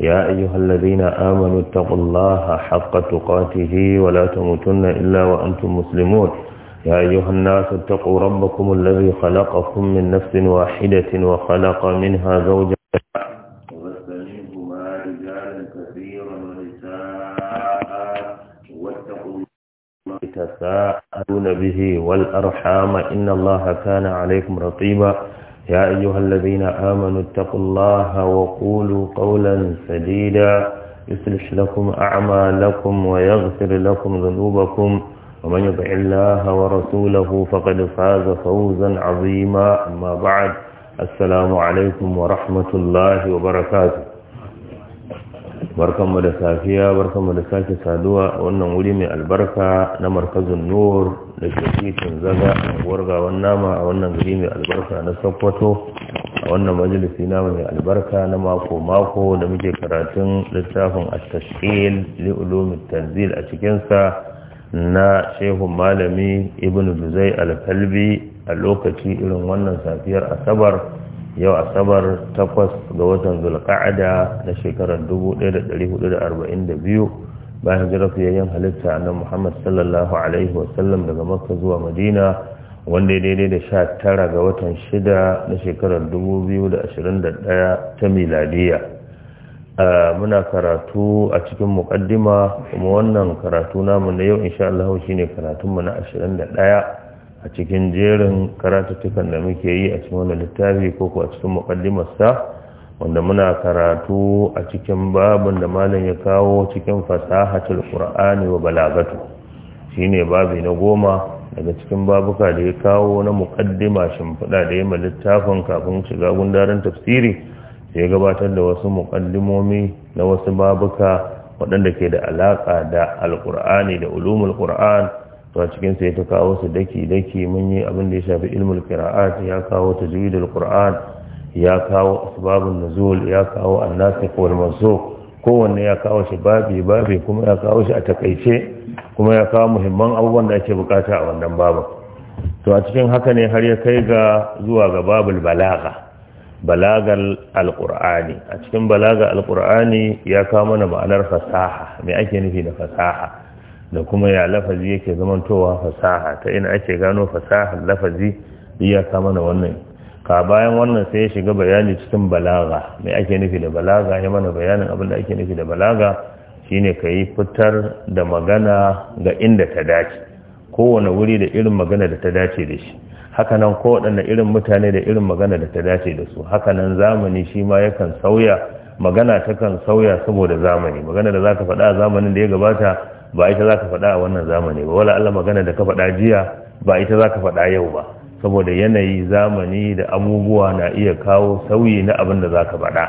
يا أيها الذين آمنوا اتقوا الله حق تقاته ولا تموتن إلا وأنتم مسلمون يا أيها الناس اتقوا ربكم الذي خلقكم من نفس واحدة وخلق منها زوجا تساءلون به والأرحام إن الله كان عليكم رقيبا يا أيها الذين آمنوا اتقوا الله وقولوا قولا سديدا يسلح لكم أعمالكم ويغفر لكم ذنوبكم ومن يطع الله ورسوله فقد فاز فوزا عظيما أما بعد السلام عليكم ورحمة الله وبركاته بركم da safiya barkanmu da sake saduwa a wannan wuri da ke titin zaga a gawan nama a wannan gari mai albarka na sokoto a wannan majalisi na mai albarka na mako-mako da muke karatun littafin a tashil li'ulumin tanzil a cikinsa na shehun malami ibn zuzai alkalbi a lokaci irin wannan safiyar asabar yau asabar takwas ga watan zulka'ada na shekarar 1442 bayan hijirar fiyayyen halitta nan Muhammad sallallahu alaihi wasallam daga Makka zuwa Madina wanda ya daidai da sha tara ga watan shida na shekarar da 2021 ta miladiya muna karatu a cikin mukaddima kuma wannan karatu namu na yau insha Allah ne karatunmu na da 21 a cikin jerin karatuttukan da muke yi a cikin wannan littafi ko ko a cikin muqaddimarsa wanda muna karatu a cikin babin da malam ya kawo cikin fasahatul qur'ani wa balagatu shine babi na goma daga cikin babuka da ya kawo na muqaddima shimfiɗa da ya littafin kafin shiga gundarin tafsiri sai gabatar da wasu muqaddimomi na wasu babuka waɗanda ke da alaƙa da alƙur'ani da ulumul qur'an to a cikin sai ta kawo su daki daki mun yi abin da ya shafi ilmul qira'at ya kawo tajwidul qur'an ya kawo asbabun nuzul ya kawo annasikh wal mansukh kowanne ya kawo shi babi babi kuma ya kawo shi a takaice kuma ya kawo muhimman abubuwan da ake bukata a wannan babu to a cikin haka ne har ya kai ga zuwa ga babul balaga balagal alqur'ani a cikin balaga alqur'ani ya kawo mana ma'anar fasaha me ake nufi da fasaha da kuma ya lafazi yake zamantowa fasaha ta ina ake gano fasahar lafazi ya kawo mana wannan ka bayan wannan sai ya shiga bayani cikin balaga mai ake nufi da balaga ya mana bayanin abin da ake nufi da balaga shine ka yi fitar da magana ga inda ta dace kowane wuri da irin magana da ta dace da shi hakanan kowaɗanne irin mutane da irin magana da ta dace da su hakanan zamani shi ma yakan sauya magana takan sauya saboda zamani magana da za ka faɗa a zamanin da ya gabata ba ita za ka faɗa a wannan zamani ba wala Allah magana da ka faɗa jiya ba ita za ka faɗa yau ba saboda yanayi zamani da abubuwa na iya kawo sauyi na abin da za ka faɗa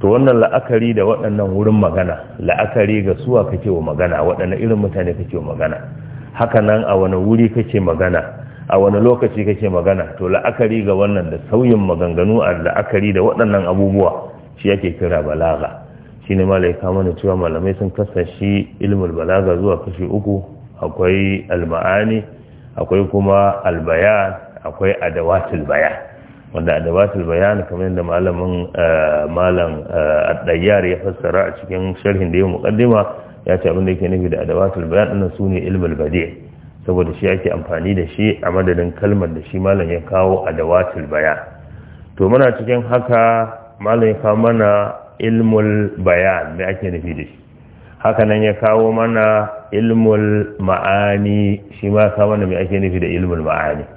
to wannan la'akari da waɗannan wurin magana la'akari ga suwa kake wa magana waɗannan irin mutane kake wa magana haka nan a wani wuri kake magana a wani lokaci kake magana to la'akari ga wannan da sauyin maganganu a la'akari da waɗannan abubuwa shi yake kira balaga shi ne malaika mana cewa malamai sun kasashe ilmul balaga zuwa kashi uku akwai alma'ani akwai kuma albayan akwai adawatul bayan wanda adawatul bayan kamar yadda malamin eh, malam eh, addayyar ya fassara a cikin sharhin da ya muqaddima ya ce abin da yake nufi da adawatul bayan na su ne ilmul badi saboda shi ake amfani da shi a madadin kalmar da shi malam ya kawo adawatul bayan to muna cikin haka malam ya kawo mana ilmul bayan me ake nufi da shi hakanan ya kawo mana ilmul ma'ani shi ma kawo mana me ake nufi da ilmul ma'ani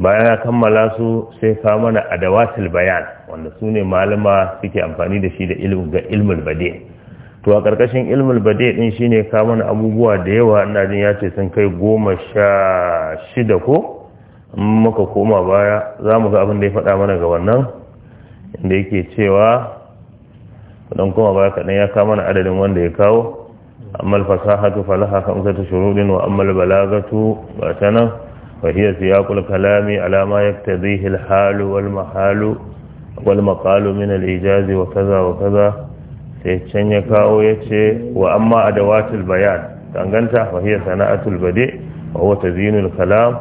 bayan ya kammala su sai ka mana adawatul bayan wanda su ne malama suke amfani da shi da ilmul bade to a karkashin ilmul bade din shine ka mana abubuwa da yawa ina jin ya ce sun kai goma sha shida ko muka koma baya za mu ga abin da ya faɗa mana ga wannan inda yake cewa don koma baya kaɗan ya ka mana adadin wanda ya kawo amma fasahatu falaha kamsatu shurudin wa amma balagatu ba ta nan وهي سياق الكلام على ما يقتضيه الحال والمحال والمقال من الإيجاز وكذا وكذا سيتشن يكاو يتشي وأما أدوات البيان تنغنتا وهي صناعة البديع وهو تزيين الكلام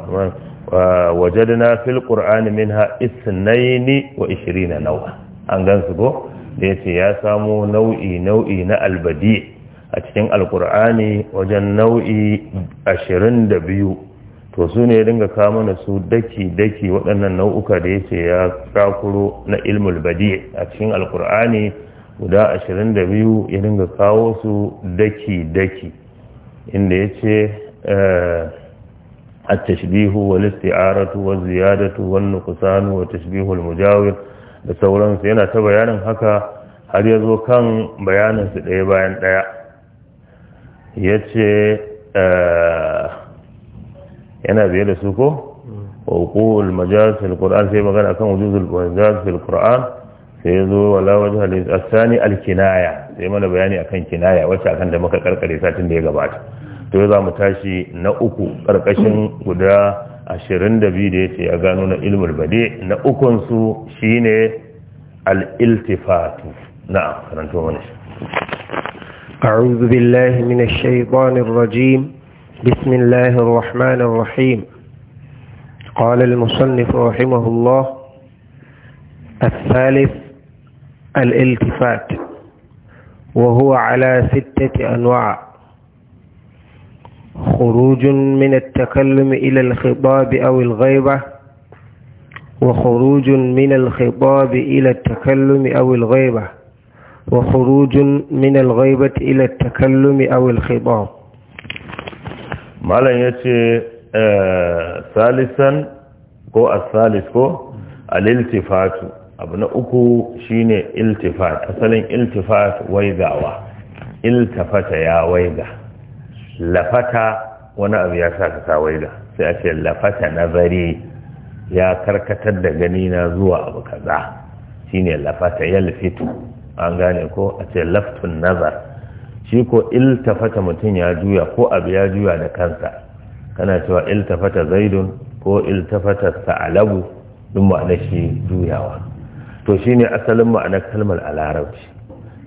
وجدنا في القرآن منها اثنين وعشرين نوعا أنغنسكو ليتي يا سامو نوئي نوئي نا البديع a cikin alkur'ani wajen nau'i 22 to su ne dinga kama na su daki-daki waɗannan nau'uka da yake ya kakuro na ilmul badi a cikin alkur'ani guda ashirin da biyu ya dinga kawo su daki-daki inda ya ce eh, a tashbihu wa listi'aratu wa ziyadatu wa nukusanu wa tashbihul mujawir da sauransu yana ta bayanin haka har ya zo kan bayaninsu ɗaya bayan ɗaya ya ce eh, yana biye da su ko hukumar majalis al-qur'an sai magana akan wujudul majalis al-qur'an sai zo wala waje halittar al-kinaya sai mana bayani akan kinaya wacce akan da muka karkare satin da ya gabata to za mu tashi na uku karkashin guda ashirin da biyu da ya ce gano na ilmul bade na ukun su shine al-iltifatu na'am karanto mana shi بسم الله الرحمن الرحيم قال المصنف رحمه الله الثالث الالتفات وهو على ستة أنواع خروج من التكلم إلى الخطاب أو الغيبة وخروج من الخطاب إلى التكلم أو الغيبة وخروج من الغيبة إلى التكلم أو الخطاب malam ya ce eh, salisan ko a Salis ko aliltifatu abu na uku shine iltifat asalin iltifat waigawa iltafata ya waiga lafata wani abu ya sa ka sa waiga sai a ce lafata nazari ya karkatar da gani na zuwa abu kaza shine lafata yalfitu an gane ko a ce laftun nazar shi ko iltafata mutum ya juya ko abu ya juya da kansa kana cewa iltafata zaidun ko iltafata sa'alabu duk ma'anar shi juyawa to shine asalin ma'anar kalmar a larabci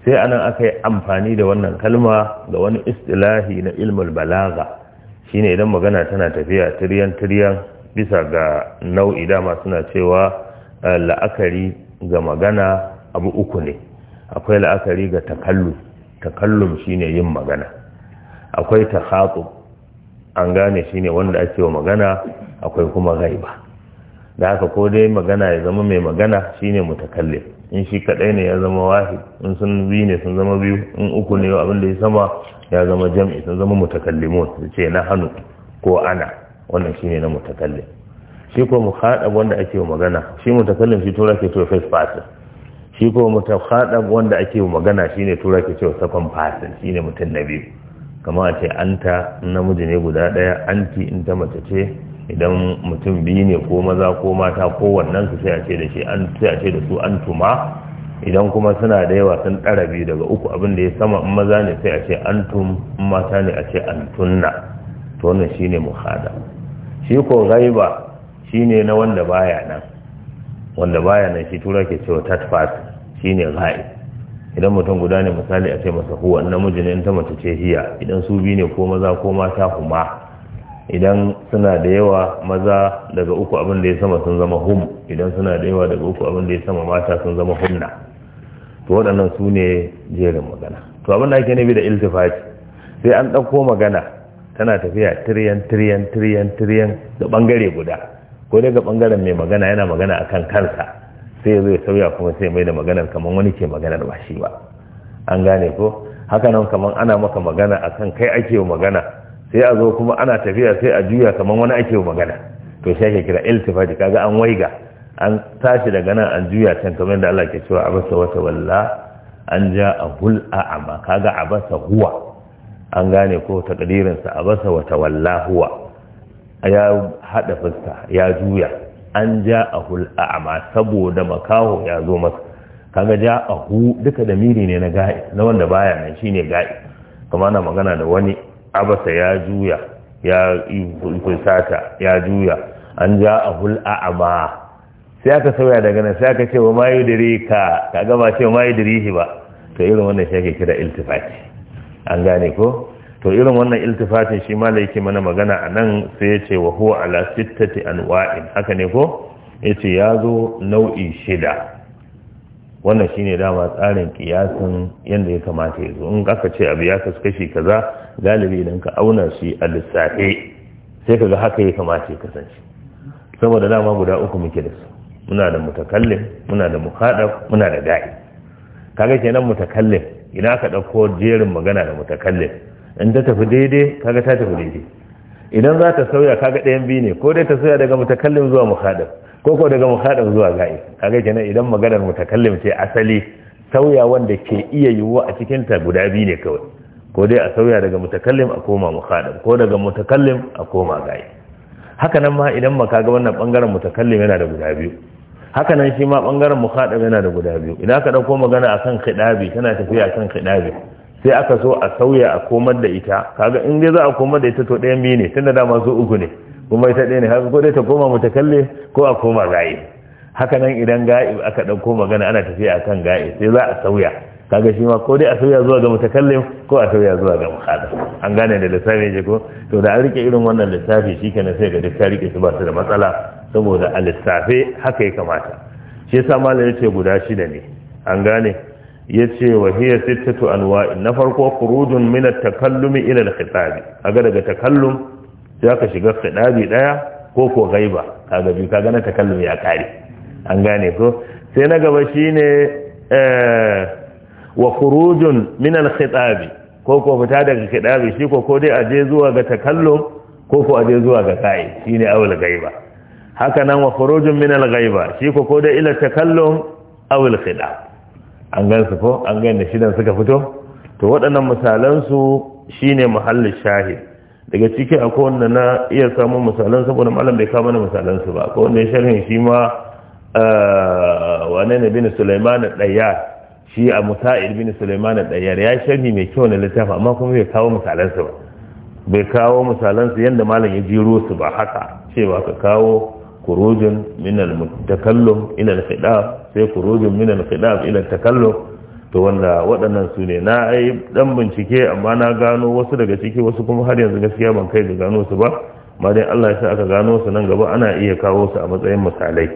sai anan aka yi amfani da wannan kalma ga wani istilahi na ilmul balaga shine idan magana tana tafiya tiryan tiryan bisa ga nau'i dama suna cewa eh, la'akari ga magana abu uku ne akwai la'akari ga takallu. takallum shine yin magana akwai takhatu an gane shine wanda ake wa magana akwai kuma ghaiba da haka ko dai magana ya zama mai magana shine mutakallim in shi kadai ne ya zama wahid in sun bi ne sun zama biyu in uku ne abin da ya sama ya zama jam'i sun zama mutakallimun su ce na hannu ko ana wannan shine na mutakallim shi ko muhadab wanda ake wa magana shi mutakallim shi tura ke to face passive shi ko haɗa wanda ake magana shine tura ke cewa second person shine mutum na biyu a ce an ta namiji ne guda daya anti in ta mace ce idan mutum biyu ne ko maza ko mata ko wannan su sai a ce da shi an sai a ce da su tuma idan kuma suna da yawa sun ɗara biyu daga uku abin da ya sama in maza ne sai a ce tum in mata ne a ce tunna to wannan shine muhada shi ko gaiba shine na wanda baya nan wanda baya nan shi tura ke cewa third person shine ghaib idan mutum guda ne misali a ce masa huwa namiji ne ta mace ce hiya idan su bi ne ko maza ko mata huma idan suna da yawa maza daga uku abin da ya sama sun zama hum idan suna da yawa daga uku abin da ya sama mata sun zama humna to waɗannan su ne jerin magana to abin da ake nufi da iltifati sai an ɗauko magana tana tafiya tiriyan tiriyan tiriyan tiriyan da ɓangare guda ko daga ɓangaren mai magana yana magana akan kansa sai zai sauya kuma sai mai da maganar kamar wani ke maganar ba shi ba an gane ko haka nan kamar ana maka magana akan kai ake magana sai a zo kuma ana tafiya sai a juya kamar wani ake magana to shi ake kira iltifati kaga an waiga an tashi daga nan an juya can kamar da Allah ke cewa abasa wata walla an ja a hul a'ama kaga abasa huwa an gane ko takdirinsa abasa wata walla huwa ya haɗa fuska ya juya an ja ja'ahul a'ma saboda makaho ya zo masa kaga ja a hu duka da miri ne na ga'i na wanda baya nan shine ga'i kuma ana magana da wani abasa ya juya ya kusata ya juya an ja a ma sai aka sauya daga nan sai aka ce wa mayu dirika kaga ba ce mayu rihi ba to irin wannan shi ake kira iltifati an gane ko to irin wannan iltifatin shi ma yake mana magana a nan sai ya ce wa huwa ala sittati anwa'in haka ne ko ya ce ya zo nau'i shida wannan shi ne dama tsarin kiyasin yadda ya kamata ya zo in aka ce abu ya kashi kaza galibi idan ka auna shi a lissafe sai ka ga haka ya kamata ya kasance saboda dama guda uku muke da su muna da mutakallim muna da muhadaf muna da da'i kaga kenan mutakallim idan aka ɗauko jerin magana da mutakallim in ta tafi daidai kaga ta tafi daidai idan za ta sauya kaga ɗayan biyu ne ko dai ta sauya daga mutakallim zuwa muhadab ko ko daga muhadab zuwa ga'i kaga kenan idan maganar mutakallim ce asali sauya wanda ke iya yiwuwa a cikin ta guda biyu ne kawai ko dai a sauya daga mutakallim a koma muhadab ko daga mutakallim a koma ga'i haka nan ma idan maka ga wannan bangaren mutakallim yana da guda biyu haka nan shi ma bangaren muhadab yana da guda biyu idan aka dauko magana akan khidabi tana tafiya akan khidabi sai aka so a sauya a komar da ita kaga in dai za a komar da ita to ɗayan biyu ne tunda dama su uku ne kuma ita ɗaya ne haka ko dai ta koma mu ta kalle ko a koma ga'i haka nan idan ga'i aka ɗauko magana ana tafiya a kan ga'i sai za a sauya kaga shi ma ko dai a sauya zuwa ga mutakallim ko a sauya zuwa ga haɗa an gane da lissafi ne ko to da an rike irin wannan lissafi shi shikenan sai ga duk ta rike su ba su da matsala saboda a lissafe haka ya kamata shi yasa malam ce guda shida ne an gane ya ce wa hiya sittatu anwa'in na farko khurujun min at-takallumi ila al-khitabi aga daga takallum sai aka shiga khitabi daya ko ko gaiba kaga biyu kaga na takallum ya kare an gane ko sai na gaba shine eh, wa khurujun min al-khitabi ko ko fita daga khitabi shi ko ko dai aje zuwa ga takallum ko ko aje zuwa ga kai shine awul gaiba haka nan wa khurujun min al-gaiba shi ko ko dai ila takallum awul khitabi an gansu ko an gan da shidan suka fito to waɗannan misalansu shine muhallin shahid daga ciki akwai wanda na iya samun misalan saboda malam bai kama na misalan su ba akwai wanda ya sharhin shi ma eh, wane ne bin Sulaiman Dayyar shi a Musa'id bin Sulaiman Dayyar ya sharhi mai kyau na littafi amma kuma bai kawo misalan ba bai kawo misalan su yanda malam ya jiro su ba haka ce ba ka kawo kurujin minal takallum ila al-khidab sai kurujin minal khidab ila takallum to wanda waɗannan su ne na ai dan bincike amma na gano wasu daga ciki wasu kuma har yanzu gaskiya ban kai ga gano su ba ma dai Allah ya sa aka gano su nan gaba ana iya kawo su a matsayin misalai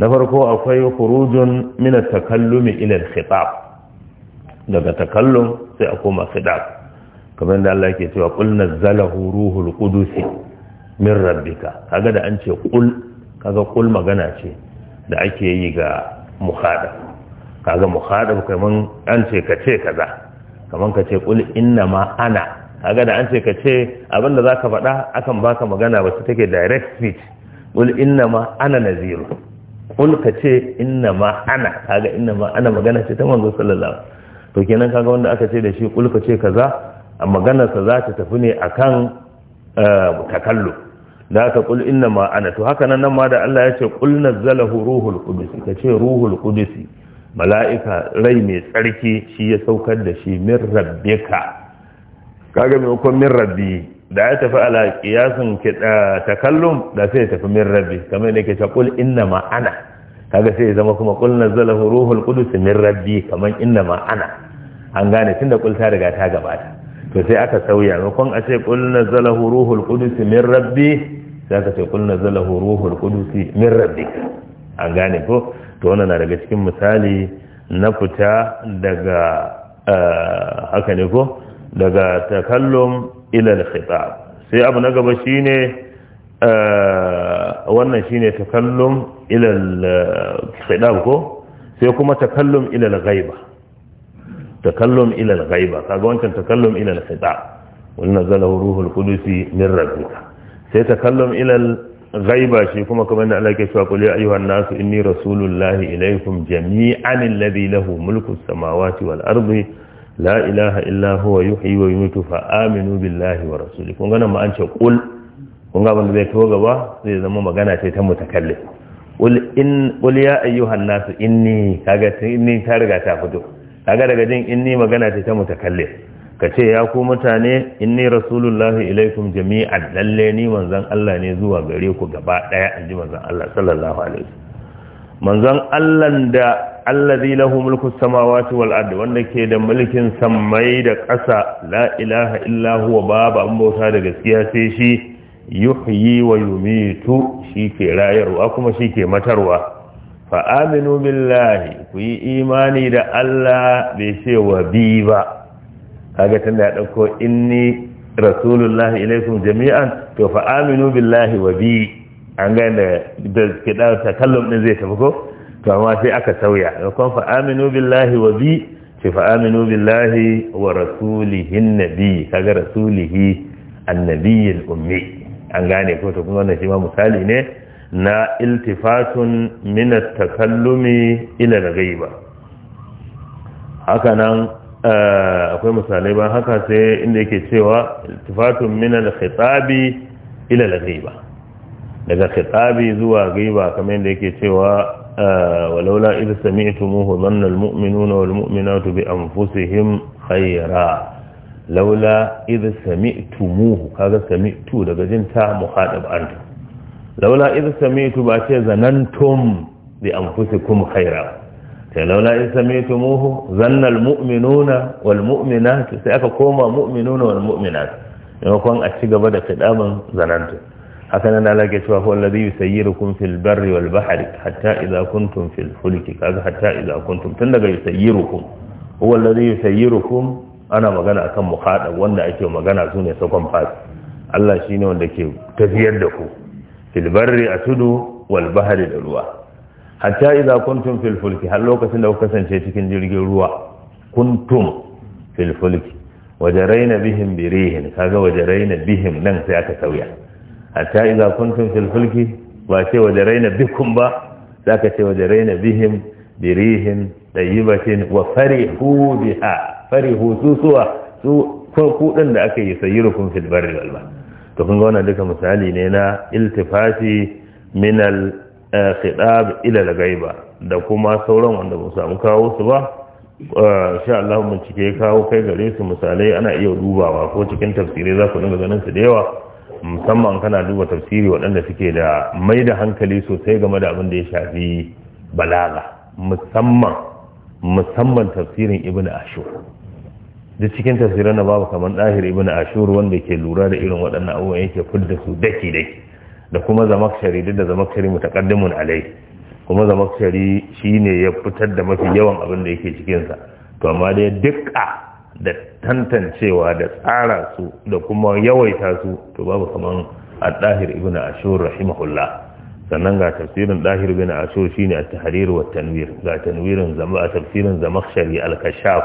na farko akwai kurujun minal takallumi ila al-khidab daga takallum sai a koma khidab kamar da Allah ke cewa qul nazzalahu ruhul qudus min rabbika kaga da an ce qul kaga kul magana ce da ake yi ga muhada kaga muhadab kaman an ce ka ce kaza kaman ka ce kul inna ma ana kaga da an ce ka ce abinda zaka faɗa akan baka magana ba su take direct speech kul inna ma ana naziru kul ka ce inna ma ana kaga inna ma ana magana ce ta manzo sallallahu to kenan kaga wanda aka ce da shi kul ka ce kaza a maganarsa za ta tafi ne akan eh, takallu da aka kul inna ma ana to haka nan ma da Allah ya ce kul nazzalahu ruhul qudus ka ce ruhul qudus mala'ika rai mai tsarki shi ya saukar da shi min rabbika kaga mai ko min rabbi da ya tafi ala kiyasin takallum da sai tafi min rabbi kamar ne ke ta kul inna ma ana kaga sai ya zama kuma kul nazzalahu ruhul qudus min rabbi kamar inna ma ana an gane tun da kulta riga ta gabata to sai aka sauya maimakon a ce kul nazzalahu ruhul qudus min rabbi sai aka ce kulna zala ruhul qudusi min rabbi. an gane ko to wannan na daga cikin misali na fita daga eh, haka ne ko daga takallum ilal al-khitab sai abu na gaba shine eh, wannan shine takallum ilal al-khitab eh, ko sai kuma takallum ilal ghaiba takallum ilal ghaiba kaga wancan takallum ilal al-khitab wannan zala ruhul qudusi min rabbika sai kallon ilal gaiba shi kuma kamar da alaƙe shi cewa qul ya ayyuhan nasu inni rasulullahi ilaikum jami'an alladhi lahu mulku samawati wal ardi la ilaha illa huwa yuhyi wa mutu fa aminu billahi wa rasulihi kun ga nan ma an ce kul kun ga abin da zai kawo gaba zai zama magana ce ta mutakallim qul in kul ya ayyuhan nas inni kaga inni ta riga ta fito kaga daga jin inni magana ce ta mutakallim ka ce ya ku mutane inni rasulullahi ilaikum jami'an lalle ni manzon Allah ne zuwa gare ku gaba daya ji manzon Allah sallallahu alaihi manzon Allah da allazi lahu mulku samawati wal ard wanda ke da mulkin samai da ƙasa la ilaha illa huwa babu an bauta da gaskiya sai shi yuhyi wa yumitu shi ke rayarwa kuma shi ke matarwa fa aminu billahi ku yi imani da Allah bai ce wa bi ba kaga tunda ya dauko inni rasulullahi ilaikum jami'an to fa aminu billahi wa bi an ga da kida takallum din zai tafi ko to amma sai aka sauya da kuma fa aminu billahi wa bi ce fa aminu billahi wa rasulihi nabi kaga rasulihi annabi ummi an gane ko to kuma wannan shi ma misali ne na iltifatun min at-takallumi ila al-ghaiba haka nan Eh, akwai misalai ba haka sai inda yake cewa tufatun minal khitabi ila al daga khitabi zuwa ghaiba kamar inda yake cewa eh, walaula idh sami'tumuhu dhanna al-mu'minuna bi anfusihim khayra laula idh sami'tumuhu kaga sami'tu daga jin ta muhadab an laula idh sami'tu ba ce zanantum bi anfusikum khayra sai laula in sami'tumuhu zanna almu'minuna walmu'minatu sai aka koma mu'minuna walmu'minatu maimakon a ci gaba da fidaman zanantu haka nan Allah ke cewa huwa alladhi yusayyirukum fil barri wal bahri hatta idza kuntum fil fulki kaga hatta idza kuntum tun daga yusayyirukum huwa alladhi yusayyirukum ana magana akan muhadab wanda ake magana su ne second part Allah shine wanda ke tafiyar da ku fil barri atudu wal bahri da ruwa hatta idza kuntum fil fulki har lokacin da kuka kasance cikin jirgin ruwa kuntum fil fulki wajaraina bihim birihin kaga wajaraina bihim nan sai aka sauya hatta idza kuntum fil fulki ba ce wajaraina bikum ba zaka ce wajaraina bihim birihin dayibatin wa farihu biha farihu susuwa su ku din da aka yi sayyirukum fil barri wal bahr to kun ga wannan duka misali ne na iltifati min al khidab ila lagaiba da kuma sauran wanda ba su samu kawo su ba eh, sha Allah bincike kawo kai gare su misalai ana iya dubawa ko cikin tafsirai za ku dinga ganin su da yawa musamman kana duba tafsiri waɗanda suke da mai da hankali sosai game da abin da ya shafi balaga musamman musamman tafsirin ibn ashur duk cikin tafsirin na babu kamar dahir ibn ashur wanda ke lura da irin waɗannan abubuwan yake fudda su daki daki da kuma zama shari duk da shari mutaqaddimun alai kuma zama shari shine ya fitar da mafi yawan abin da yake cikin sa to amma dai dukka da tantancewa da tsara su da kuma yawaita su to babu kaman al-dahir ibnu ashur rahimahullah sannan ga tafsirin dahir ibn ashur shine at-tahrir wa tanwir ga tanwirin zama a tafsirin shari al-kashaf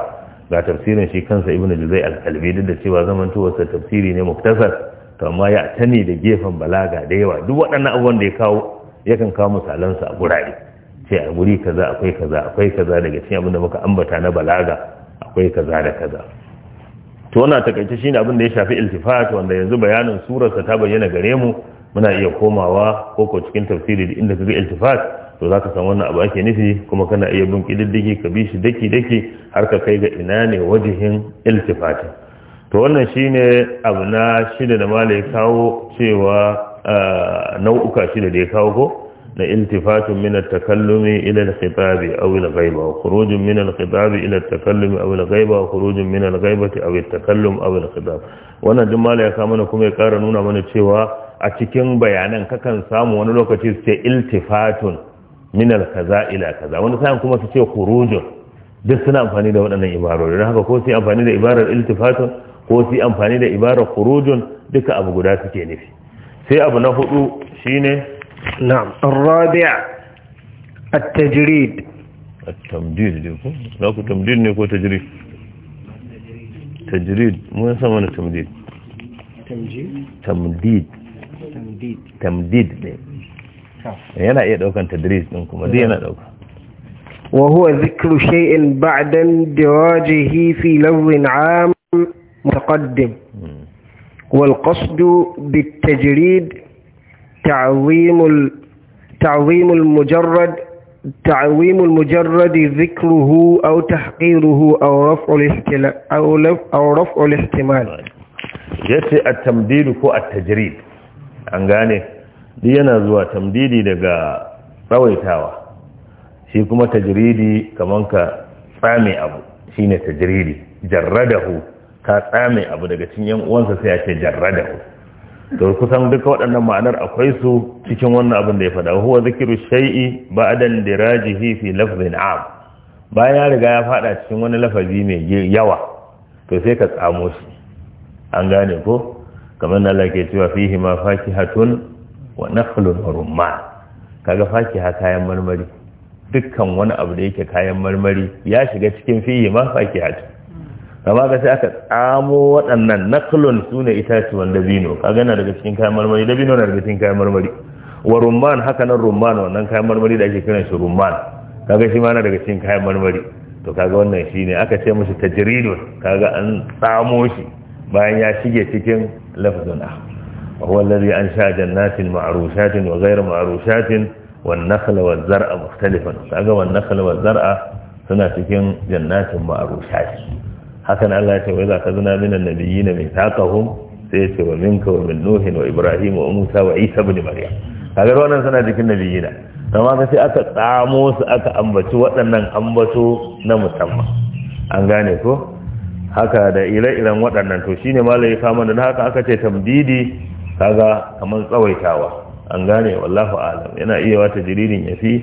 ga tafsirin shi kansa ibnu juzai al-kalbi duk da cewa sa tafsiri ne muktasar to amma ya tani da gefen balaga da yawa duk waɗannan abubuwan da ya kawo ya kan kawo misalansa a gurare ce a guri kaza akwai kaza akwai kaza daga cikin abin da muka ambata na balaga akwai kaza da kaza to wannan takaice shine abin da ya shafi iltifat wanda yanzu bayanin surarsa ta bayyana gare mu muna iya komawa ko ko cikin tafsiri da inda kaga iltifat to zaka san wannan abu ake nufi kuma kana iya bin kididdigi ka bi shi daki daki har ka kai ga ina ne wajihin iltifatin to wannan shi ne abu na shida da ma kawo cewa nau'uka shida da ya kawo ko na iltifatun minar takallumi ila al-khitabi aw al gaiba wa kurojin minar al-khitabi ila at-takallumi aw al wa kurojin minar gaiba ghaibati aw at-takallum aw al-khitab wannan duk ma ya kawo mana kuma ya ƙara nuna mana cewa a cikin bayanan kakan samu wani lokaci su ce iltifatun Minar kaza ila kaza wani sa'an kuma su ce kurojin duk suna amfani da waɗannan ibarori don haka ko sai amfani da ibarar iltifatun ko su amfani da ibara khurujun duka abu guda suke nufi sai abu na hudu shine na'am ar-rabi' at-tajrid at-tamdid din ko na ku tamdid ne ko tajrid tajrid mu san wani tamdid tamdid tamdid tamdid yana iya daukan tadris din kuma dai yana dauka وهو ذكر شيء بعد اندراجه في لفظ عام متقدم والقصد بالتجريد تعظيم تعظيم المجرد تعظيم المجرد ذكره أو تحقيره أو رفع الاحتمال أو رفع الاحتمال yace at-tamdid ko at-tajrid an gane yana zuwa tamdidi daga rawaitawa shi kuma tajridi kaman ka tsame abu shine tajridi jarradahu ta tsame abu daga cikin yan uwansa sai ya ce jarrada to kusan duka waɗannan ma'anar akwai su cikin wannan abin da ya faɗa huwa zikiru shay'i ba'dan dirajihi fi lafzin am bayan ya riga ya faɗa cikin wani lafazi mai yawa to sai ka tsamo shi an gane ko kamar da Allah ke cewa fihi ma fakihatun wa nakhlun wa rumman kaga fakiha kayan marmari dukkan wani abu da yake kayan marmari ya shiga cikin fihi ma fakihatun kama ga sai aka tsamo waɗannan naklon su ne itatuwan dabino kaga na daga cikin kayan marmari dabino na daga cikin kayan marmari wa rumman haka nan rumman wannan kayan marmari da ake kiran shi rumman kaga shi ma na daga cikin kayan marmari to kaga wannan shi ne aka ce mushi tajridun kaga an tsamo shi bayan ya shige cikin lafazin ah wa huwa alladhi ansha jannatin ma'rushatin wa ghayr ma'rushatin wan nakhla waz zar'a mukhtalifan kaga wan nakhla waz zar'a suna cikin jannatin ma'rushatin hakan Allah ya ce wa idza kazna minan min mithaqahum sai ya ce wa minka wa min nuhin wa ibrahim wa musa wa isa ibn maryam kaga wannan suna cikin nabiyina amma sai aka tsamo su aka ambaci waɗannan ambato na musamman an gane ko haka da ire-iren waɗannan to shine malai kama da haka aka ce tamdidi kaga kamar tsawaitawa an gane wallahu alam yana iya wata jiririn fi.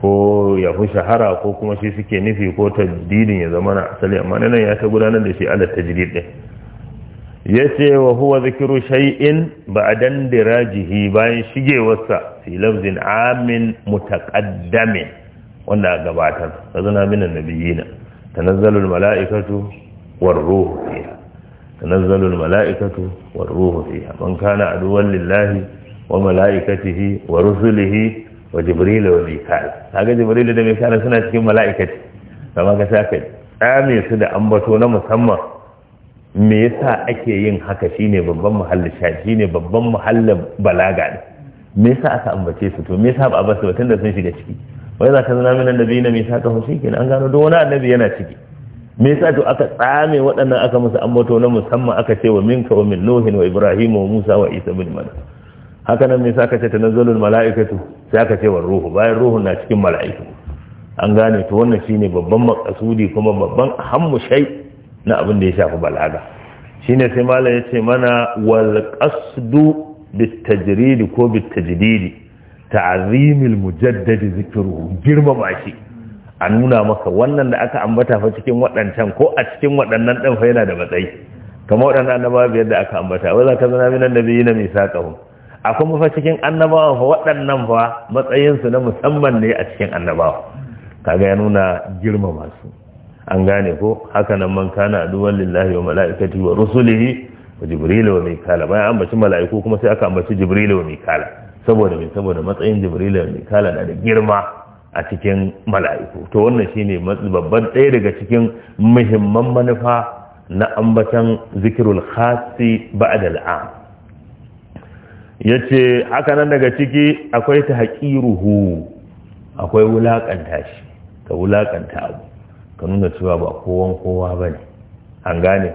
ko ya fi shahara ko kuma shi suke nufi ko tajdidin ya zama na asali amma nan ya ta gudanar da shi ala ta din yace wa huwa zikru shay'in ba'dan dirajihi bayan shigewarsa fi lafzin amin mutaƙaddamin wanda gabatar kazana min Ta tanazzalul mala'ikatu war ruhu fiha tanazzalul mala'ikatu war ruhu fiha man kana lillahi wa mala'ikatihi wa rusulihi wa jibrilu wa mika'il kaga jibrilu da mika'il suna cikin mala'ikati kama ka saka tsame su da ambato na musamman me yasa ake yin haka shine babban muhallin shashi ne babban muhallin balaga ne me yasa aka ambace su to me yasa ba a basu ba tunda sun shiga ciki wai za ka zana min annabi na me yasa ka hoshi kenan an gano duk wani annabi yana ciki me yasa to aka tsame waɗannan aka musu ambato na musamman aka ce wa minka wa min nuhin wa ibrahim wa musa wa isa bin maryam haka nan me ka ce tanazzalul mala'ikatu sai aka ce wa ruhu bayan ruhun na cikin mala'iku an gane ta wannan shine babban makasudi kuma babban hammu na abin da ya shafi balaga shine sai malam ce mana wal qasdu ko bit tajdid ta'zimil mujaddad zikruhu girma shi a nuna maka wannan da aka ambata fa cikin waɗancan ko a cikin waɗannan ɗan fa yana da matsayi kamar waɗannan annabawa biyar da aka ambata wa za ka zana na mai misaqahum akwai fa cikin annabawa fa waɗannan fa matsayinsu na musamman ne a cikin annabawa kaga ya nuna girmama su an gane ko haka nan man kana aduwan lillahi wa mala'ikati wa rusulihi wa jibril wa mikala bayan an baci mala'iku kuma sai aka ambaci jibril wa mikala saboda me saboda matsayin jibril wa mikala na da girma a cikin mala'iku to wannan shine babban ɗaya daga cikin muhimman manufa na ambatan zikirul khasi ba'da al'am ya ce hakanan daga ciki akwai ta haƙiruhu akwai wulaƙanta shi ka wulaƙanta abu ka nuna cewa ba kowan kowa ba ne an gane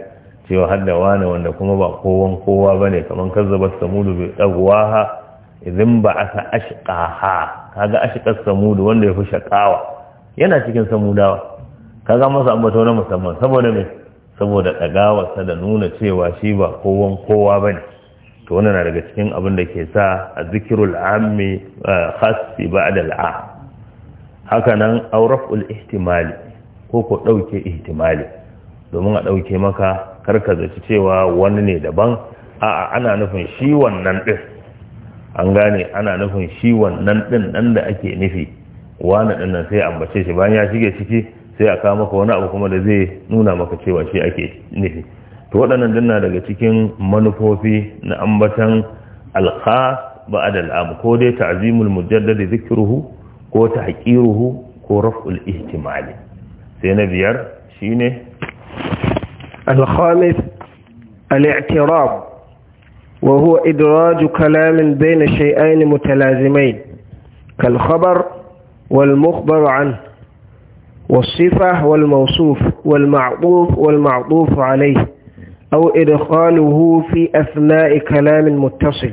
cewa har da wane wanda kuma ba kowan kowa ba ne kamar kazzabar samudu bai ɗaguwa ha idan ba a sa ashiƙa ha kaga ashiƙar samudu wanda ya fi shaƙawa yana cikin samudawa kaga masa ambato na musamman saboda me saboda ɗagawarsa da nuna cewa shi ba kowan kowa ba ne to wannan na daga cikin abin da ke sa a zikirul ammi eh, khassi ba'da la'a. haka nan raf'ul ihtimali ko ko dauke ihtimali domin a ɗauke maka karka zaci cewa wani ne daban a'a ana nufin shi wannan din an gane ana nufin shi wannan ɗin, nan da ake nufi wani din nan sai ambace shi bayan ya shige ciki sai a kawo maka wani abu kuma da zai nuna maka cewa shi ake nufi to waɗannan dinna daga cikin manufofi na ambatan alƙa ba a dal'am ko dai ta azimul mujallar da zikiruhu ko ta haƙiruhu ko raf'ul ihtimali sai na biyar shi ne alhamis al'atirab wa huwa idraju kalamin bayna shay'ain mutalazimain kal khabar wal mukhbar an wa sifah wal mawsuf wal ma'quf wal ma'quf alayhi أو fi asna'i أثناء كلام متصل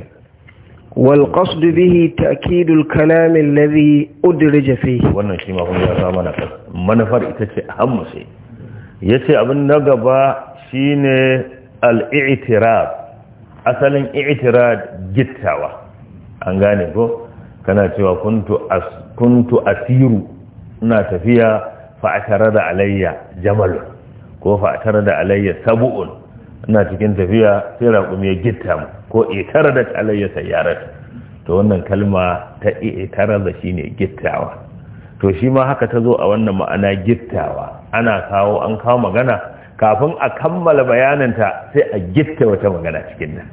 والقصد به تأكيد الكلام الذي أدرج فيه wannan shi ma ya sa mana kan manufar ita ce ahammu sai yace abin na gaba shine al-i'tirab asalin i'tirad gittawa an gane ko kana cewa kuntu kuntu asiru ina tafiya fa atara da alayya jamal ko fa da alayya sabu'un ina cikin tafiya sai raƙumi ya gitta mu ko itara da alayya sayyarar to wannan kalma ta itara da shine gittawa to shi ma haka ta zo a wannan ma'ana gittawa ana kawo an kawo magana kafin a kammala bayananta sai a gitta wata magana cikin nan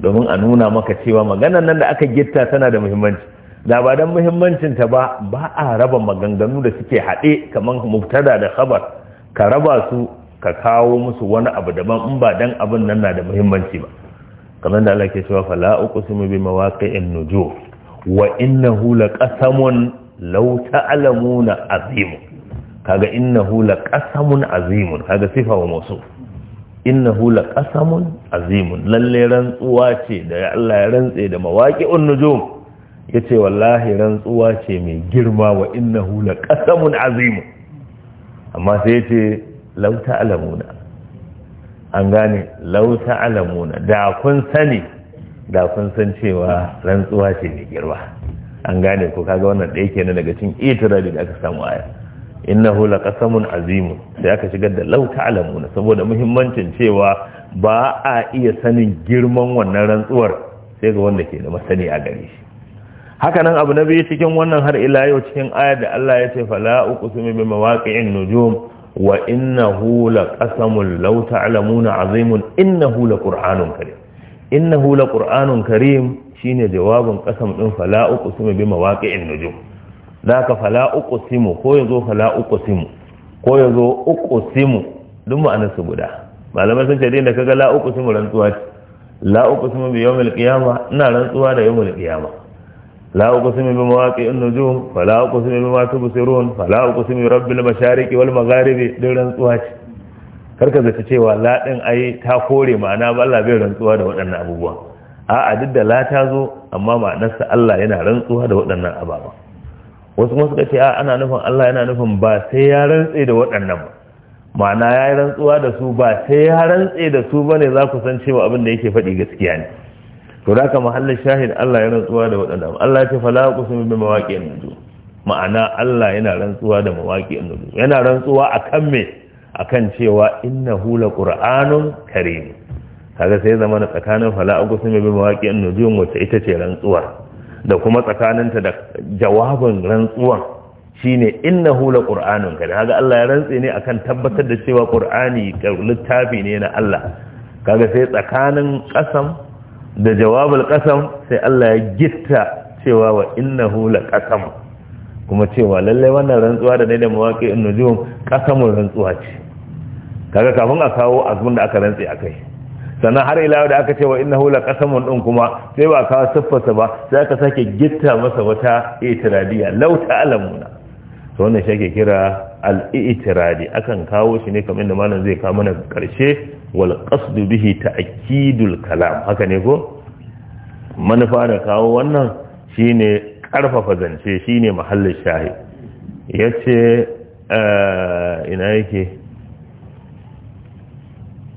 domin a nuna maka cewa maganan nan da aka gitta tana da muhimmanci da ba don muhimmancinta ba ba a raba maganganu da suke haɗe kamar muftada da khabar ka raba su ka kawo musu wani abu daban in ba dan abin nan na da muhimmanci ba kamar da Allah ke cewa fala uqsimu bi mawaqi'in nujum wa innahu laqasamun law ta'lamuna azim kaga innahu laqasamun azim kaga sifa wa mawsuf innahu laqasamun azim lalle rantsuwa ce da Allah ya rantse da mawaqi'un nujum yace ce wallahi rantsuwa ce mai girma wa innahu laqasamun azim amma sai ce lau alamuna, an gane lau alamuna da kun sani da kun san cewa rantsuwa ce mai girma an gane ko kaga wannan ɗaya kenan daga cikin itirabi da aka samu aya innahu laqasamun azimu sai aka shigar da lau alamuna saboda muhimmancin cewa ba a iya sanin girman wannan rantsuwar sai ga wanda ke da masani a gare shi nan abu na biyu cikin wannan har ila yau cikin aya da Allah ya ce fala uqsimu bi mawaqi'in nujum wa inna hula innahu laqasamul law ta'lamuna azimun hula laqur'anun karim inna hula laqur'anun karim shi ne jawabin qasam din fala uqsimu bi mawaqi'in nujum zaka fala uqsimu ko yazo fala uqsimu ko uku simu duk ma'anar su guda malamai sun ce dai da kaga la uqsimu rantsuwa la uqsimu bi yawmil qiyama ina rantsuwa da yawmil qiyama لا أقسم بمواقع النجوم فلا أقسم بما تبصرون فلا أقسم برب المشارق والمغارب دون رنسوها karka zata cewa la din ai ta kore ma'ana ba Allah bai rantsuwa da waɗannan abubuwa a'a duk da la ta zo amma ma'anarsa Allah yana rantsuwa da waɗannan ababa wasu kuma suka ce a ana nufin Allah yana nufin ba sai ya rantse da waɗannan ba ma'ana ya yi rantsuwa da su ba sai ya rantse da su bane za ku san cewa abin da yake faɗi gaskiya ne to da ka mahallar shahid Allah ya rantsuwa da waɗanda Allah ya ce fala kusun bi mawaƙi nuzu ma'ana Allah yana rantsuwa da mawaƙi nuzu yana rantsuwa akan me akan cewa innahu la qur'anun karim kaga sai zama na tsakanin fala kusun bi mawaƙi nuzu wacce ita ce rantsuwar da kuma tsakaninta da jawabin rantsuwan shine innahu la qur'anun karim kaga Allah ya rantsi ne akan tabbatar da cewa qur'ani littafi ne na Allah kaga sai tsakanin kasam da jawabul qasam sai Allah ya gitta cewa wa innahu kasam kuma cewa lalle wannan rantsuwa da ne da in an-nujum kasamun rantsuwa ce kaga kafin a kawo azumin da aka rantsi akai sannan har ila da aka ce wa innahu kasamun din kuma sai ba kawo siffarsa ba sai aka sake gitta masa wata itiradiya law ta'lamuna to wannan shi ake kira al-itiradi akan kawo shi ne kamar da malam zai kawo mana karshe walƙasdu bihi ta akidul kalam haka ne ko manufa da kawo wannan shine karfafa zance shine mahallin shahi ya ce eh, ina yake